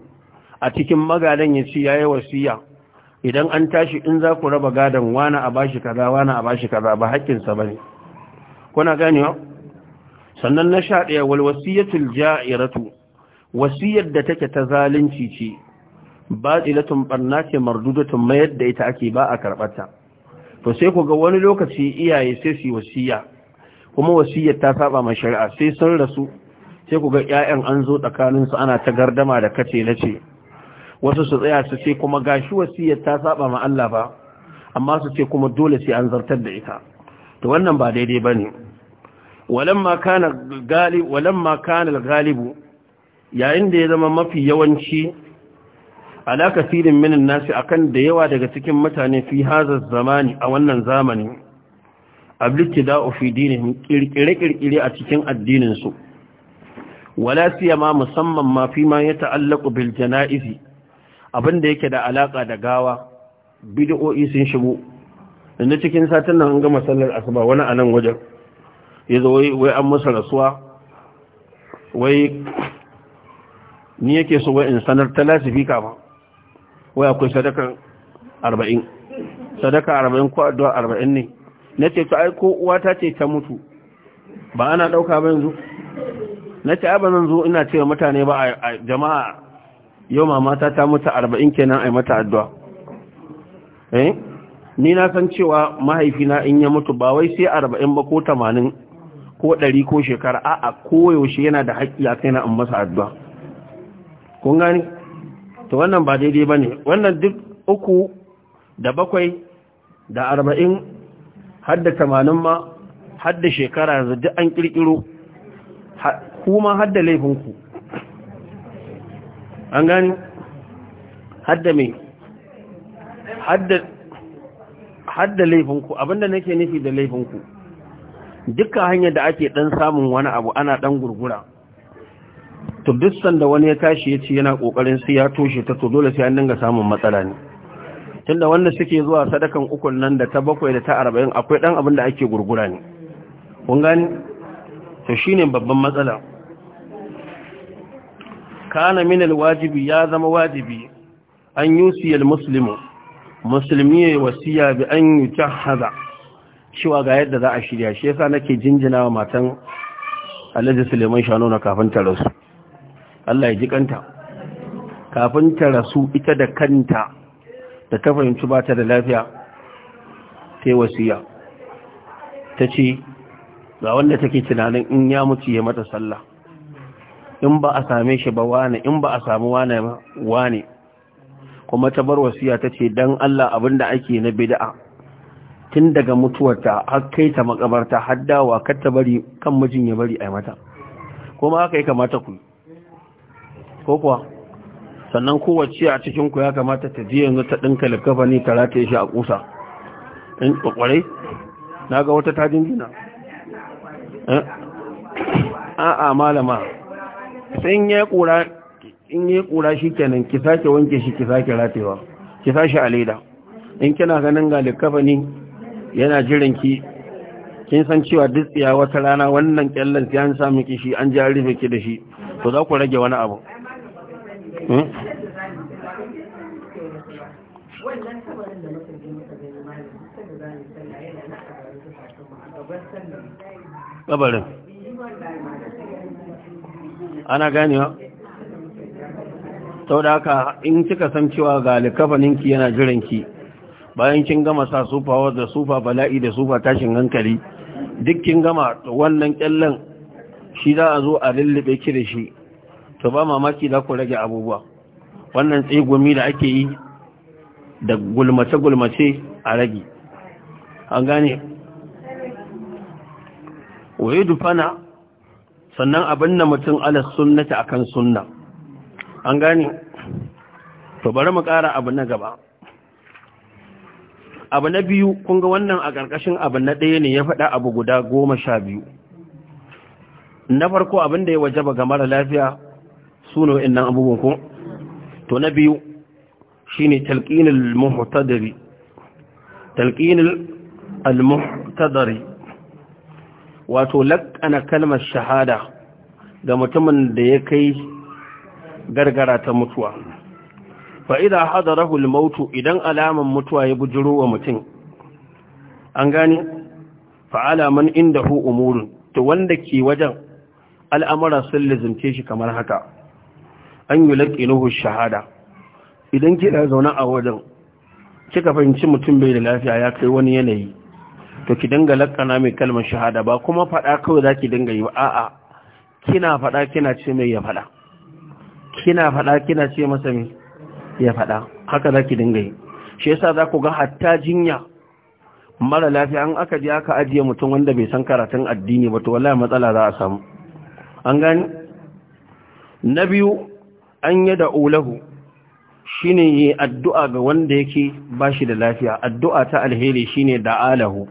Speaker 1: a cikin magadan ya ci yayi wasiya idan an tashi in za ku raba gadan wani a bashi kaza wani a bashi kaza ba haƙƙinsa bane kuna wa? sannan na sha ɗaya wal wasiyatul ja'iratu wasiyar da take ta zalunci ce batilatun barna ce mardudatun mayar da ita ake ba a karɓarta to sai ku ga wani lokaci iyaye sai su wasiya kuma wasiyar ta saba ma shari'a sai sun rasu sai ku ga ƴaƴan an zo tsakaninsu ana ta gardama da kace na ce wasu su tsaya su ce kuma gashi wasiyar ta saba ma Allah ba amma su ce kuma dole sai an zartar da ita to wannan ba daidai bane ne. kana galib walamma kana galibu yayin da ya zama mafi yawanci ala filin minin nasi akan da yawa daga cikin mutane fi hazar zamani a wannan zamani ablikida'u fi dinihim kirkire-kirkire a cikin addininsu wala siyama musamman ma fi ma ya ta'allaku bil jana'izi abin da yake da alaka da gawa bid'o'i sun shigo inda cikin satin nan an ga masallar asuba wani anan wajen ya zo wai an masa rasuwa wai ni yake so wai in sanar ta lasifika ba wai akwai sadakar arba'in sadaka arba'in ko addu'a arba'in ne na ce ta aiko ta ce ta mutu ba ana ɗauka ba yanzu na ce ba zan zo ina ce mutane ba a jama'a yau mamata ta mutu arba'in kenan a yi mata addu'a eh ni na san cewa mahaifina in ya mutu ba wai sai arba'in ba ko tamanin ko ɗari ko shekara a a koyaushe yana da haƙƙi a kaina in masa addu'a kun gani to wannan ba daidai ba ne wannan duk uku da bakwai da arba'in har da tamanin ma har da shekara yanzu duk an ƙirƙiro kuma har da laifinku an gani hadda mai hadda laifinku abinda nake nufi da laifinku duka hanyar da ake dan samun wani abu ana dan gurgura to duk sanda wani ya tashi ya ce yana kokarin sai ya toshe ta to dole sai an dinga samun matsala ne tunda wanda suke zuwa sadakan ukun nan da ta bakwai da ta arba'in akwai dan abin da ake gurgura ne kun gani to shine babban matsala kana min alwajibi ya zama wajibi an yusi almuslimu musulmi ya wasiya bi an yutahhaza cewa ga yadda za a shirya shi yasa nake jinjina wa matan Alhaji Suleiman Shano na kafin ta rasu Allah ya ji kanta kafin ta rasu ita da kanta da ta fahimci ba ta da lafiya sai wasiya ta ce ga wanda take tunanin in ya mutu ya mata sallah in ba a same shi ba wane in ba a samu wane wane kuma ta bar wasiya ta ce don Allah abinda ake na bid'a tun daga mutuwarta har kai ta makabarta har dawa kar ta bari kan mijin ya bari a mata kuma haka ya kamata ku ko kuwa sannan kowace a cikin ku ya kamata ta je yanzu ta dinka likafa ne ta rataye shi a kusa in kwarai na ga wata ta jingina
Speaker 2: eh? a'a malama sai in
Speaker 1: ya kura in ya kura shi kenan ki sake wanke shi ki sake ratewa ki sashi a leda in kina ganin ga likafani yana jiran ki kin san cewa duk tsiya wata rana wannan kyallan sai an sa miki shi an ji ki da shi to za ku rage wani abu hmm? kabarin ana ganewa sau da haka in cika san cewa ga likafaninki yana jiranki bayan kin gama sa sufa da sufa bala'i da sufa tashin hankali duk kin gama wannan kyallon shi za a zo a lullube ki da shi to ba mamaki za ku rage abubuwa wannan tsegumi da ake yi da gulmace-gulmace a rage an gane waye dufana sannan abin da mutum alas sunnata akan sunna an gane to bari mu ƙara abu na gaba abu na biyu kun ga wannan a ƙarƙashin abu na ɗaya ne ya faɗa abu guda goma sha biyu na farko abin da ya wajaba ga mara lafiya su ne wa'in abubuwan ku to na biyu shi ne talƙinin al-muhtadari wato laƙana kalmar shahada ga mutumin da ya kai gargara ta mutuwa fa'ida hadarahul mautu idan alaman mutuwa ya bujiro wa mutum an gani fa alaman inda hu umurin to wanda ke wajen al'amura sun lizimce shi kamar haka an yi laƙinuhu shahada idan kina zaune a wajen kika fahimci mutum bai da lafiya ya kai wani yanayi to ki dinga lakana mai kalmar shahada ba kuma faɗa kawai za ki dinga yi ba a'a kina faɗa kina ce mai ya faɗa kina faɗa kina ce masa mai ya faɗa haka za ki dinga yi shi yasa za ku ga hatta jinya mara lafiya an aka ji aka ajiye mutum wanda bai san karatun addini ba to wallahi matsala za a samu an gani na biyu an yi da ulahu shine yi addu'a ga wanda yake bashi da lafiya addu'a ta alheri shine da alahu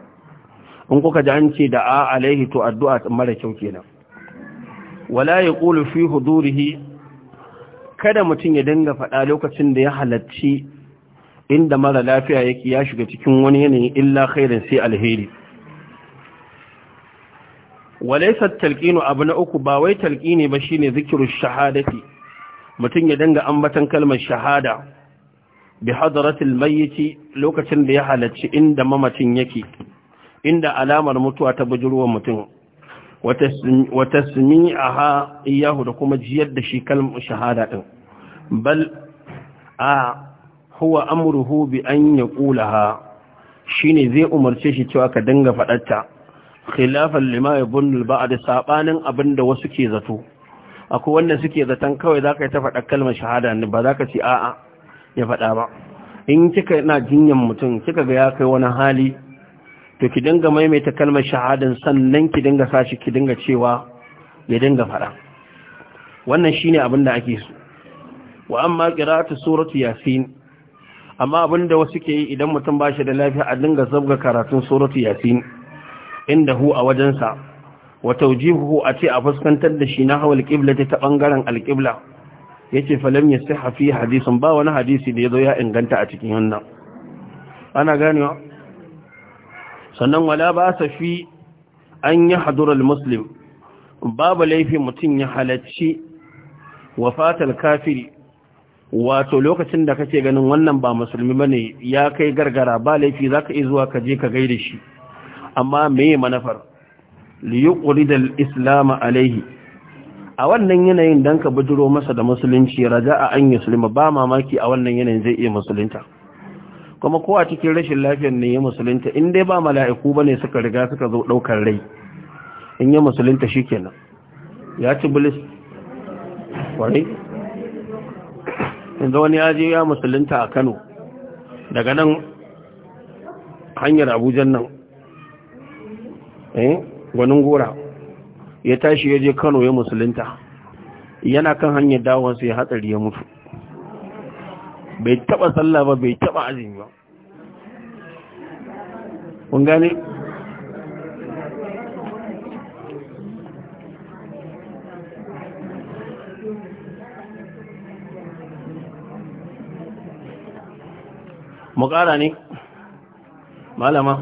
Speaker 1: in kuka ji an ce da a alaihi to addu'a mara kyau kenan wala ya ƙulu fi hudurihi kada mutum ya dinga faɗa lokacin da ya halarci inda mara lafiya yake ya shiga cikin wani yanayin illa khairin sai alheri walaisar talƙinu abu na uku ba wai talƙini ba shine zikirin shahadati mutum ya dinga ambatan kalmar shahada bi hadaratul mayyiti lokacin da ya halarci inda mamacin yake inda alamar mutuwa ta bujurwar mutum wata sumi a ha iyahu da kuma jiyar da shi kalmar shahada ɗin bal a huwa amurhu bi an ya ƙula ha shi ne zai umarce shi cewa ka dinga faɗarta khilafan lima ya ba a da saɓanin abin da wasu ke zato akwai wanda suke zaton kawai za ka yi ta faɗa kalmar shahada ne ba za ka ce a'a ya faɗa ba in kika na jinyan mutum kika ga ya kai wani hali to ki dinga maimaita kalmar shahadan sannan ki dinga sashi ki dinga cewa ya dinga fara wannan shine abin da ake so wa amma qira'atu suratu yasin amma abinda wasu ke yi idan mutum ba shi da lafiya a dinga zabga karatun suratu yasin inda hu a wajen sa wa tawjihuhu a ce a fuskantar da shi na hawal qibla ta bangaren alqibla yace falam yasihha fi hadisin ba wani hadisi da yazo ya inganta a cikin wannan ana ganewa sannan wala ba sa fi an yi hadurar muslim babu laifin mutum ya halarci wafatar kafiri wato lokacin da kake ganin wannan ba musulmi bane ya kai gargara ba laifi za ka zuwa ka je ka gaida shi amma mai manafar liyukuri da Islamu alaihi a wannan yanayin don ka bujiro masa da musulunci raja a an yi musulmi ba mamaki a wannan yanayin zai iya musulunta kuma kowa cikin rashin lafiyar ne ya musulunta in dai ba mala'iku ba ne suka riga suka zo ɗaukar rai in ya musulunta shi kenan ya ci bilis ƙwarai inda wani ya je ya musulunta a kano daga nan hanyar abujan nan eh, gwanin gora ya tashi ya je kano ya musulunta yana kan hanyar su ya hatsari ya mutu bai taba sallah ba bai taba azumi ba kun gane mu ne malama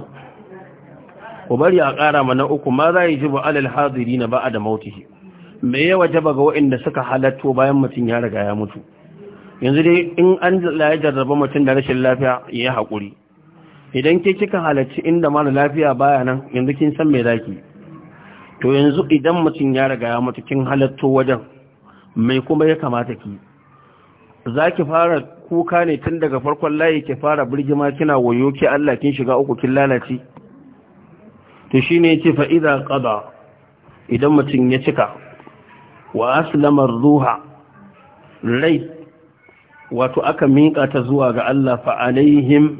Speaker 1: ku bari a ƙara mana uku ma za yi jibu alal haziri na a da me ya waje ga waɗanda suka halatto bayan mutum ya riga ya mutu yanzu dai in an ya jarraba mutum da rashin lafiya ya yi haƙuri idan ke kika halarci inda mara lafiya baya nan yanzu kin san mai zaki to yanzu idan mutum ya riga ya mutu kin halatto wajen mai kuma ya kamata ki za ki fara kuka ne tun daga farkon layi ki fara birgima kina wayo ki Allah kin shiga uku kin lalace to shine yace fa idza qada idan mutum ya cika wa aslama ruha rai wato aka miƙa ta zuwa ga Allah fa alaihim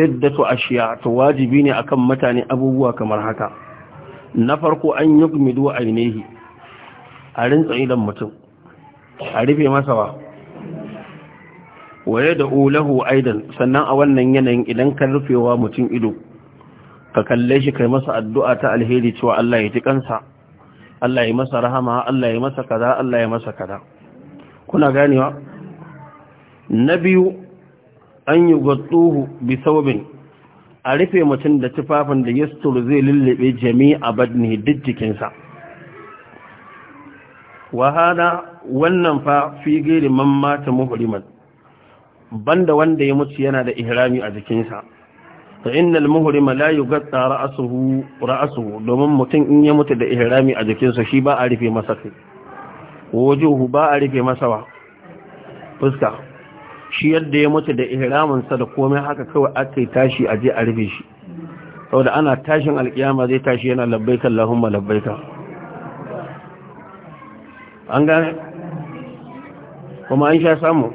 Speaker 1: iddatu ashiya to wajibi ne akan mutane abubuwa kamar haka na farko an yugmidu ainihi a rintsa idan mutum a rufe masa wa waye da ulahu aidan sannan a wannan yanayin idan ka rufewa mutum ido ka kalle shi kai masa addu'a ta alheri cewa Allah ya ji kansa Allah ya masa rahama Allah ya masa kaza Allah ya masa kaza kuna ganewa na biyu an yi gwatsuhu bisaubin a rufe mutum da tufafin da yastur zai lullube jami'a badni duk jikinsa wahada wannan fa fi gairi man muhuriman, banda wanda ya mutu yana da ihrami a jikinsa fa innal muhurima la yugatta ra'suhu domin mutum in ya mutu da ihrami a jikinsa shi ba a rufe masa kai wajuhu ba a rufe masa fuska shi yadda ya mutu da ihraminsa da komai haka kawai aka yi tashi a je a rufe shi saboda ana tashin alkiyama zai tashi yana labbaika Allahumma labbaika an gane kuma an sha samu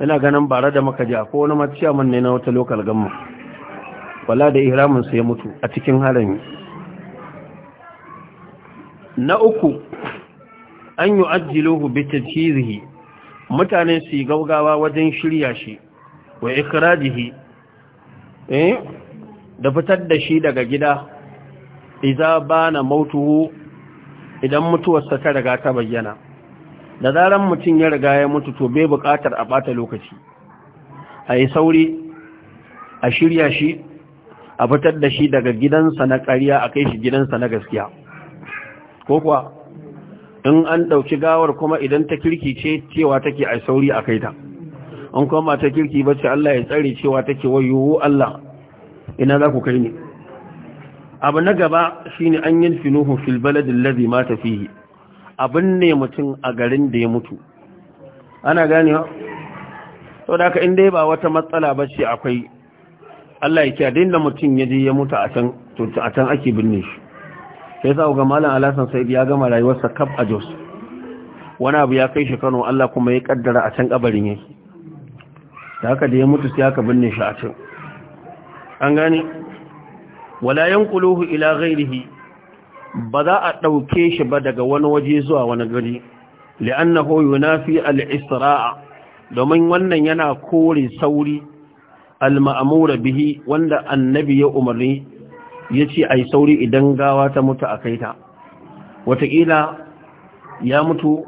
Speaker 1: yana ganin bara da maka ja ko wani maciya man ne na wata lokal gamma wala da ihraminsa ya mutu a cikin harami na uku an yi ajiyar hu bitar mutane su yi gaugawa wajen shirya shi wa ikirajihi eh da fitar da shi daga gida iza na mautuhu idan mutuwarsa ta riga ta bayyana da zaran mutum ya riga ya mutu to bai buƙatar a bata lokaci a yi sauri a shirya shi a fitar da shi daga gidansa na kariya a kai shi gidansa na gaskiya ko kuwa in an ɗauki gawar kuma idan ta kirki ce cewa take a sauri a kaita in kuma ta kirki ba ce Allah ya tsare cewa take wayo Allah ina za ku kai ne abu na gaba shine an yin finuhu fil baladin ta fi fihi abin ne mutum a garin da ya mutu ana ganewa sau da ka inda ba wata matsala ba ce akwai Allah ya kya dinda mutum ya je ya mutu a can ake binne shi sai sa ga malam alasan sai ya gama rayuwarsa kaf a jos wani abu ya kai shi kano allah kuma ya kaddara a can kabarin yake da haka da ya mutu sai aka binne shi a can an gane wala yanquluhu ila gairihi. ba za a dauke shi ba daga wani waje zuwa wani gari li'annahu yunafi al-isra'a domin wannan yana kore sauri al bihi wanda annabi ya umarni ya ce a yi sauri idan gawa ta mutu a kaita Wataƙila ya mutu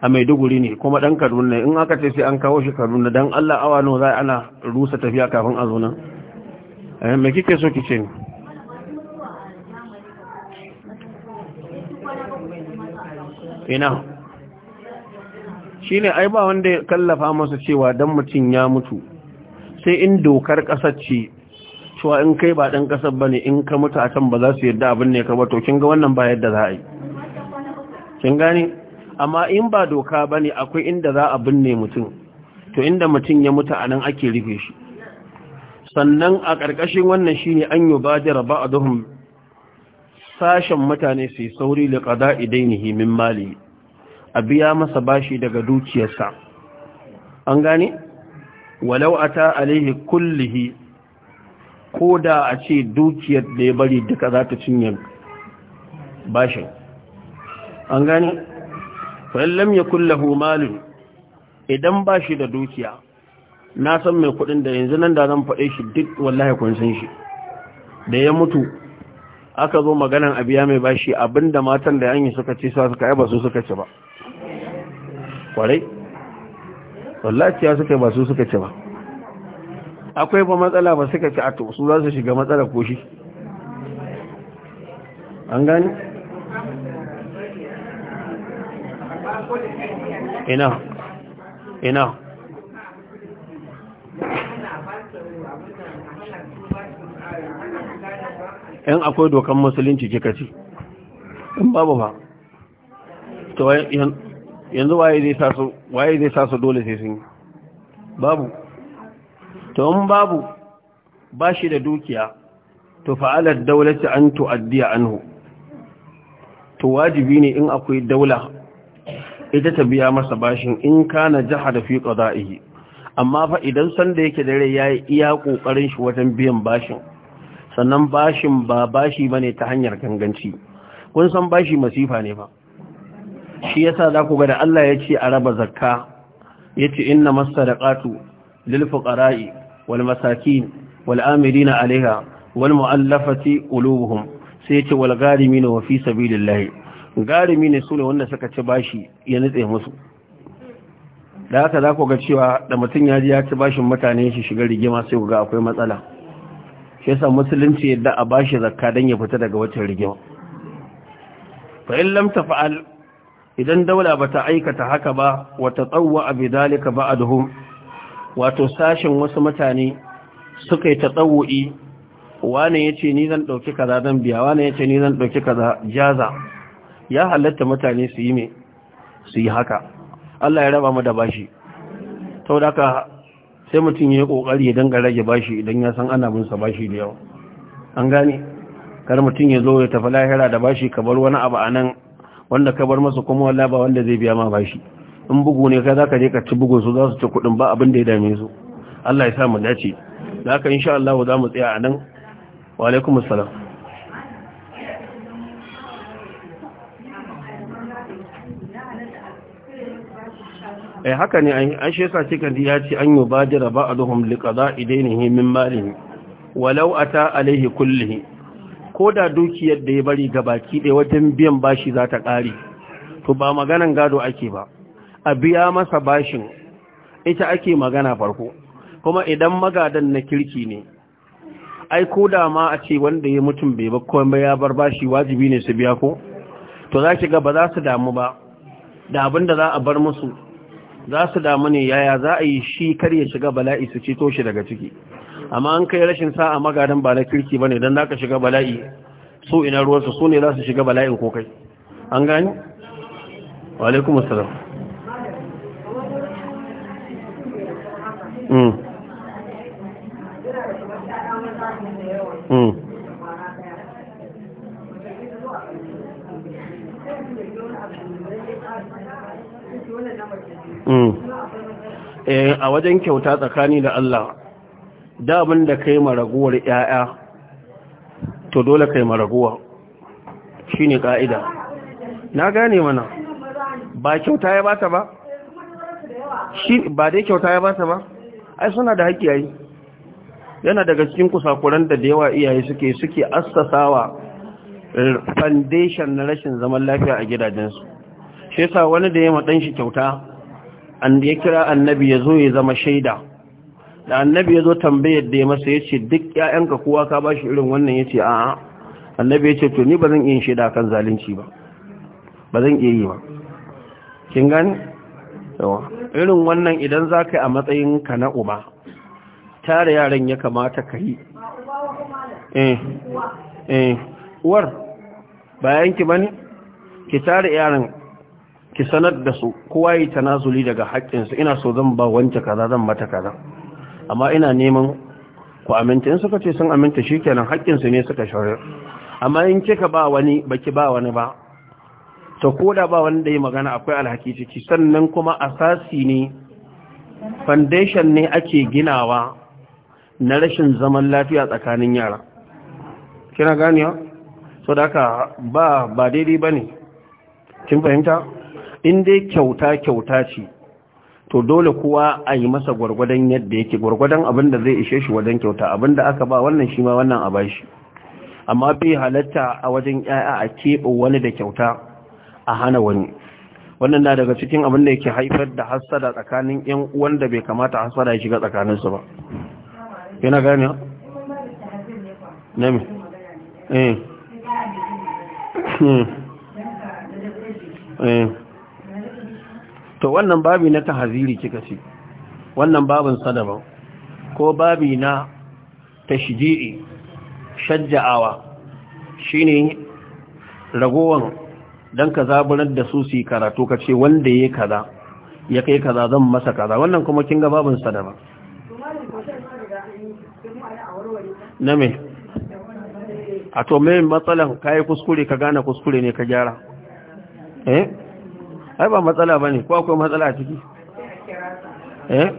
Speaker 1: a maiduguri ne kuma ɗan kaduna in aka ce sai an kawo shi kaduna don allah awa no za ana rusa tafiya kafin a zonan eh, mai kike so ki ina shi ne ai ba wanda ya kallafa masa cewa don mutum ya mutu sai in dokar ƙasar ce cewa in kai ba ɗan ƙasar ba ne in ka mutu a can ba za su yarda abin ne ka ba to kin ga wannan ba yadda za a yi kin gane amma in ba doka ba ne akwai inda za a binne mutum to inda mutum ya mutu a nan ake rufe shi sannan a ƙarƙashin wannan shi ne an yi ba da a duhun sashen mutane su sauri da ƙada dainihi min mali a biya masa bashi daga dukiyarsa an gane walau a ta alaihi kullihi ko da a ce dukiyar da ya bari duka za ta cinye bashin an gani fa'illam ya kullahu malin idan ba shi da dukiya na san mai kudin da yanzu nan da zan faɗe shi duk wallahi kun san shi da ya mutu aka zo maganan abiya mai bashi abinda matan da yanyi suka ce sa suka yi ba su suka ce ba kwarai wallahi ya suka yi su suka ce ba akwai ba matsala ba suka ci a to su za su shiga matsala ko shi an gani ina ina yan akwai dokan musulunci kika ci in babu ba to yanzu waye zai sa su dole sai sun babu to in babu bashi da dukiya to fa'alar daulata an tu'addiya anhu to wajibi ne in akwai daula ita ta biya masa bashin in kana jahada fi qada'ihi amma fa idan sanda yake da rai yayi iya kokarin shi wajen biyan bashin sannan bashin ba bashi ne ta hanyar ganganci kun san bashi masifa ne fa shi yasa za ku ga da Allah ya ce a raba zakka yace inna masadaqatu lil fuqara'i والمساكين والآمرين عليها والمؤلفة قلوبهم سيتي والغارمين وفي سبيل الله غارمين سولة وانا سكت ya ينزئ مسو da haka za ku ga cewa da mutum ya ji ya ci bashin mutane shi shiga rigima sai ku ga akwai matsala shi yasa musulunci yadda a bashi zakka don ya fita daga wacce rigima fa in lam tafa'al idan daula bata aikata haka ba wa tatawwa bi dalika duhu! wato sashin wasu mutane suka yi tatsawu'i wane ya ce ni zan ɗauki kaza zan biya wane ya ce ni zan ɗauki kaza jaza ya halatta mutane su yi haka Allah ya raba mu da bashi Ta da ka sai mutum ya yi ƙoƙari ya danga rage bashi idan ya san ana binsa bashi da yawa an gane kar mutum ya zo ya tafi lahira da bashi kabar wani abu a nan wanda kabar masa kuma wala ba wanda zai biya ma bashi in bugu ne ka za ka je ka ci bugun su za su ci kuɗin ba abin da ya dame su Allah ya sa mu dace da haka insha Allah za mu tsaya a nan wa alaikum assalam eh haka ne an shi yasa cikin ya ce an yi bajira ba'aduhum liqada idainihi min malihi walau ata alaihi kullihi ko da dukiyar da ya bari ga baki ɗaya wajen biyan bashi za ta ƙare to ba maganan gado ake ba a biya masa bashin ita ake magana farko kuma idan magadan na kirki ne ai ko da ma a ce wanda ya mutum bai ba ko ya bar bashi wajibi ne su biya ko to za ki ga ba za su damu ba da abin da za a bar musu za su damu ne yaya za a yi shi kar ya shiga bala'i su ceto shi daga ciki amma an kai rashin sa'a magadan ba na kirki bane dan zaka shiga bala'i su ina ruwansu su ne za su shiga bala'in ko kai an gani wa alaikumus salam
Speaker 2: Eh, a
Speaker 1: wajen kyauta tsakani da Allah damin da kai maraguwar ‘ya'ya to dole kai maraguwa shi ne ƙa'ida
Speaker 2: na gane mana ba kyauta ya bata ba ba dai kyauta
Speaker 1: ya bata ba ai suna da haƙƙi yayi yana daga cikin kusakuran da da yawa iyaye suke suke assasawa foundation na rashin zaman lafiya a gidajensu shi yasa wani da ya madan shi kyauta an da ya kira annabi ya zo ya zama shaida da annabi ya zo tambayar da ya masa ya ce duk ‘ya'yanka kowa ka ba shi irin wannan ya ce a'a annabi ya ce to ni ba zan iya shaida kan zalunci ba ba zan iya yi ba kin gani irin wannan idan za ka yi a ka na uba tare yaran ya kamata ka yi
Speaker 2: eh, eh.
Speaker 1: uwar bayanki ba ne ki tare yaran ki sanar da su kowa yi tanazuli daga haƙƙinsu ina so zan ba wance kaza zan mata kaza amma ina neman ku aminta in suka ce sun aminta shi kenan haƙƙinsu ne suka shari'a amma in kika ba wani baki ba wani ba to koda ba wanda ya magana akwai alhaki ciki sannan kuma asasi ne foundation ne ake ginawa na rashin zaman lafiya tsakanin yara kina ya? so da aka ba ba daidai ba ne kin fahimta in dai kyauta kyauta ce to dole kuwa a yi masa gwargwadon yadda yake gwargwadon abin zai ishe shi wajen kyauta abin aka ba wannan shi ma wannan a bashi amma bai halatta a wajen 'ya'ya a keɓe wani da kyauta a hana wani wannan na daga cikin abin da yake haifar da hasada tsakanin yan uwan da bai kamata hasada ya shiga tsakanin su ba yana gane nemi eh hmm. eh to wannan babi na tahaziri kika ce wannan babin sadaba ko babi na tashji'i shajja'awa shine ragowan Dan ka zaburar da su su yi karatu ka ce wanda ya kaza ya kai kaza zan masa kaza wannan kuma kin ga babin ba. na me a to me matsalan kai kuskure ka gane kuskure ne ka gyara eh ai ba matsala bane ko akwai matsala a ciki eh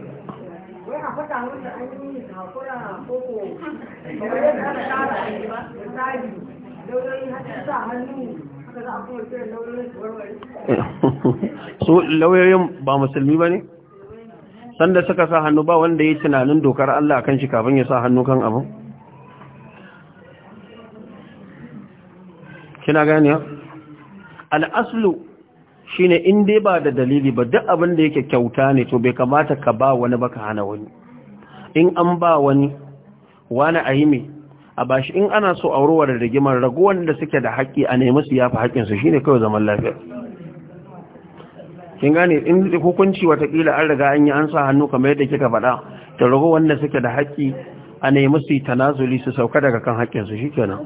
Speaker 1: so lauyoyin ba musulmi ba ne sanda suka sa hannu ba wanda ya yi tunanin dokar Allah kan shi kafin ya sa hannu kan abu kina gani ya al'aslu shine in dai ba da dalili ba duk abin da yake kyauta ne to bai kamata ka ba wani ba ka hana wani in an ba wani wani ahimi. a bashi in ana so aurowar da rigimar raguwan da suke da haƙƙi a nemi su yafi haƙƙinsu shine kawai zaman lafiya kin gane in hukunci watakila an riga an yi an sa hannu kamar yadda kika faɗa da raguwan da suke da haƙƙi a nemi su tanazuli su sauka daga kan haƙƙinsu kenan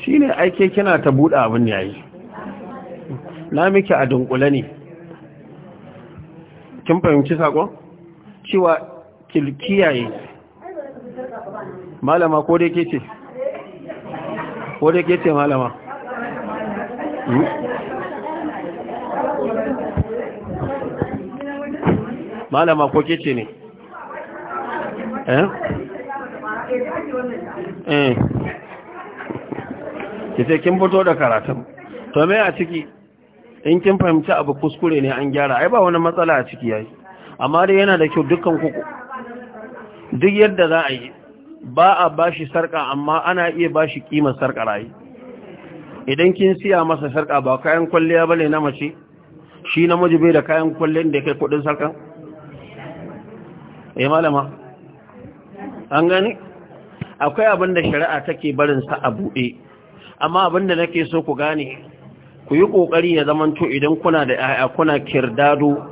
Speaker 1: shi ne aike kina ta buɗe abin yayi na miki a dunkule ne kin fahimci sakon cewa kiyaye malama ko dai ke ce ko dai ke ce malama hmm? malama ko ke ce ne
Speaker 2: eh eh
Speaker 1: ki ce kin fito da karatun to me a ciki in kin fahimci abu kuskure ne an gyara ai ba wani matsala a ciki yayi amma dai yana da kyau dukkan ku duk yadda za a yi ba a bashi sarka amma ana iya bashi kima sarka rayi idan kin siya masa sarka ba kayan kwalliya bane na mace shi namiji bai da kayan kwallon da kai kudin sarkan eh malama an gani akwai abin da shari'a take barin sa a buɗe amma abin da nake so ku gane ku yi ƙoƙari ya zamanto idan kuna da ‘ya'ya kuna kirdado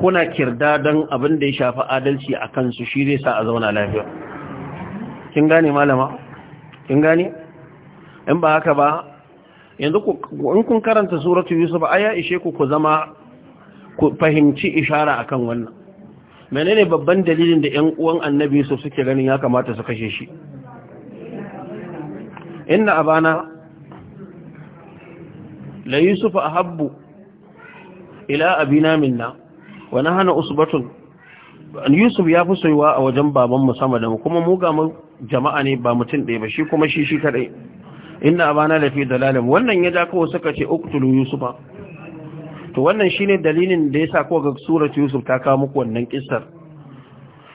Speaker 1: kuna kirdadon abin da ya shafi adalci a kansu shi zai sa a zauna lafiya kin gane malama kin gane in ba haka ba yanzu in kun karanta suratu yusuf aya ishe ku ku zama ku fahimci ishara akan wannan menene babban dalilin da 'yan uwan annabi yusuf suke ganin ya kamata su kashe shi inna abana la yusuf ahabbu ila abina minna wa nahana usbatun yusuf ya fi soyuwa a wajen baban mu sama da mu kuma mu ga jama'a ne ba mutum ɗaya ba shi kuma shi shi kadai inna abana lafi dalalim wannan ya ja kawo suka ce uktulu yusufa to wannan shine dalilin da yasa ko ga surat yusuf ta kawo muku wannan kissar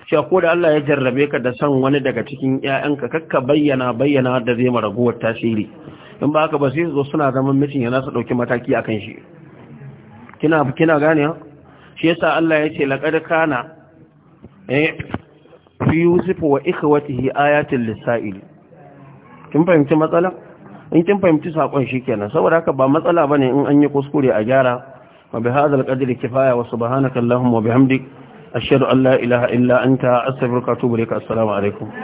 Speaker 1: shi ko da Allah ya jarrabe ka da san wani daga cikin ƴaƴanka kakka bayyana bayyana da zai maragowar tasiri in ba ka ba sai zo suna zaman mutum yana su dauki mataki akan shi kina kina gane shi yasa Allah ya ce laqad kana eh fi yusuf wa ikhwatihi ayatul lisail kin fahimci matsala in kin fahimci sakon kenan? saboda haka ba matsala bane in an yi kuskure a gyara wa bihadhal qadri kifaya wa subhanaka allahumma wa bihamdika أشهد أن لا illa إلا أنت أستغفرك وأتوب إليك السلام عليكم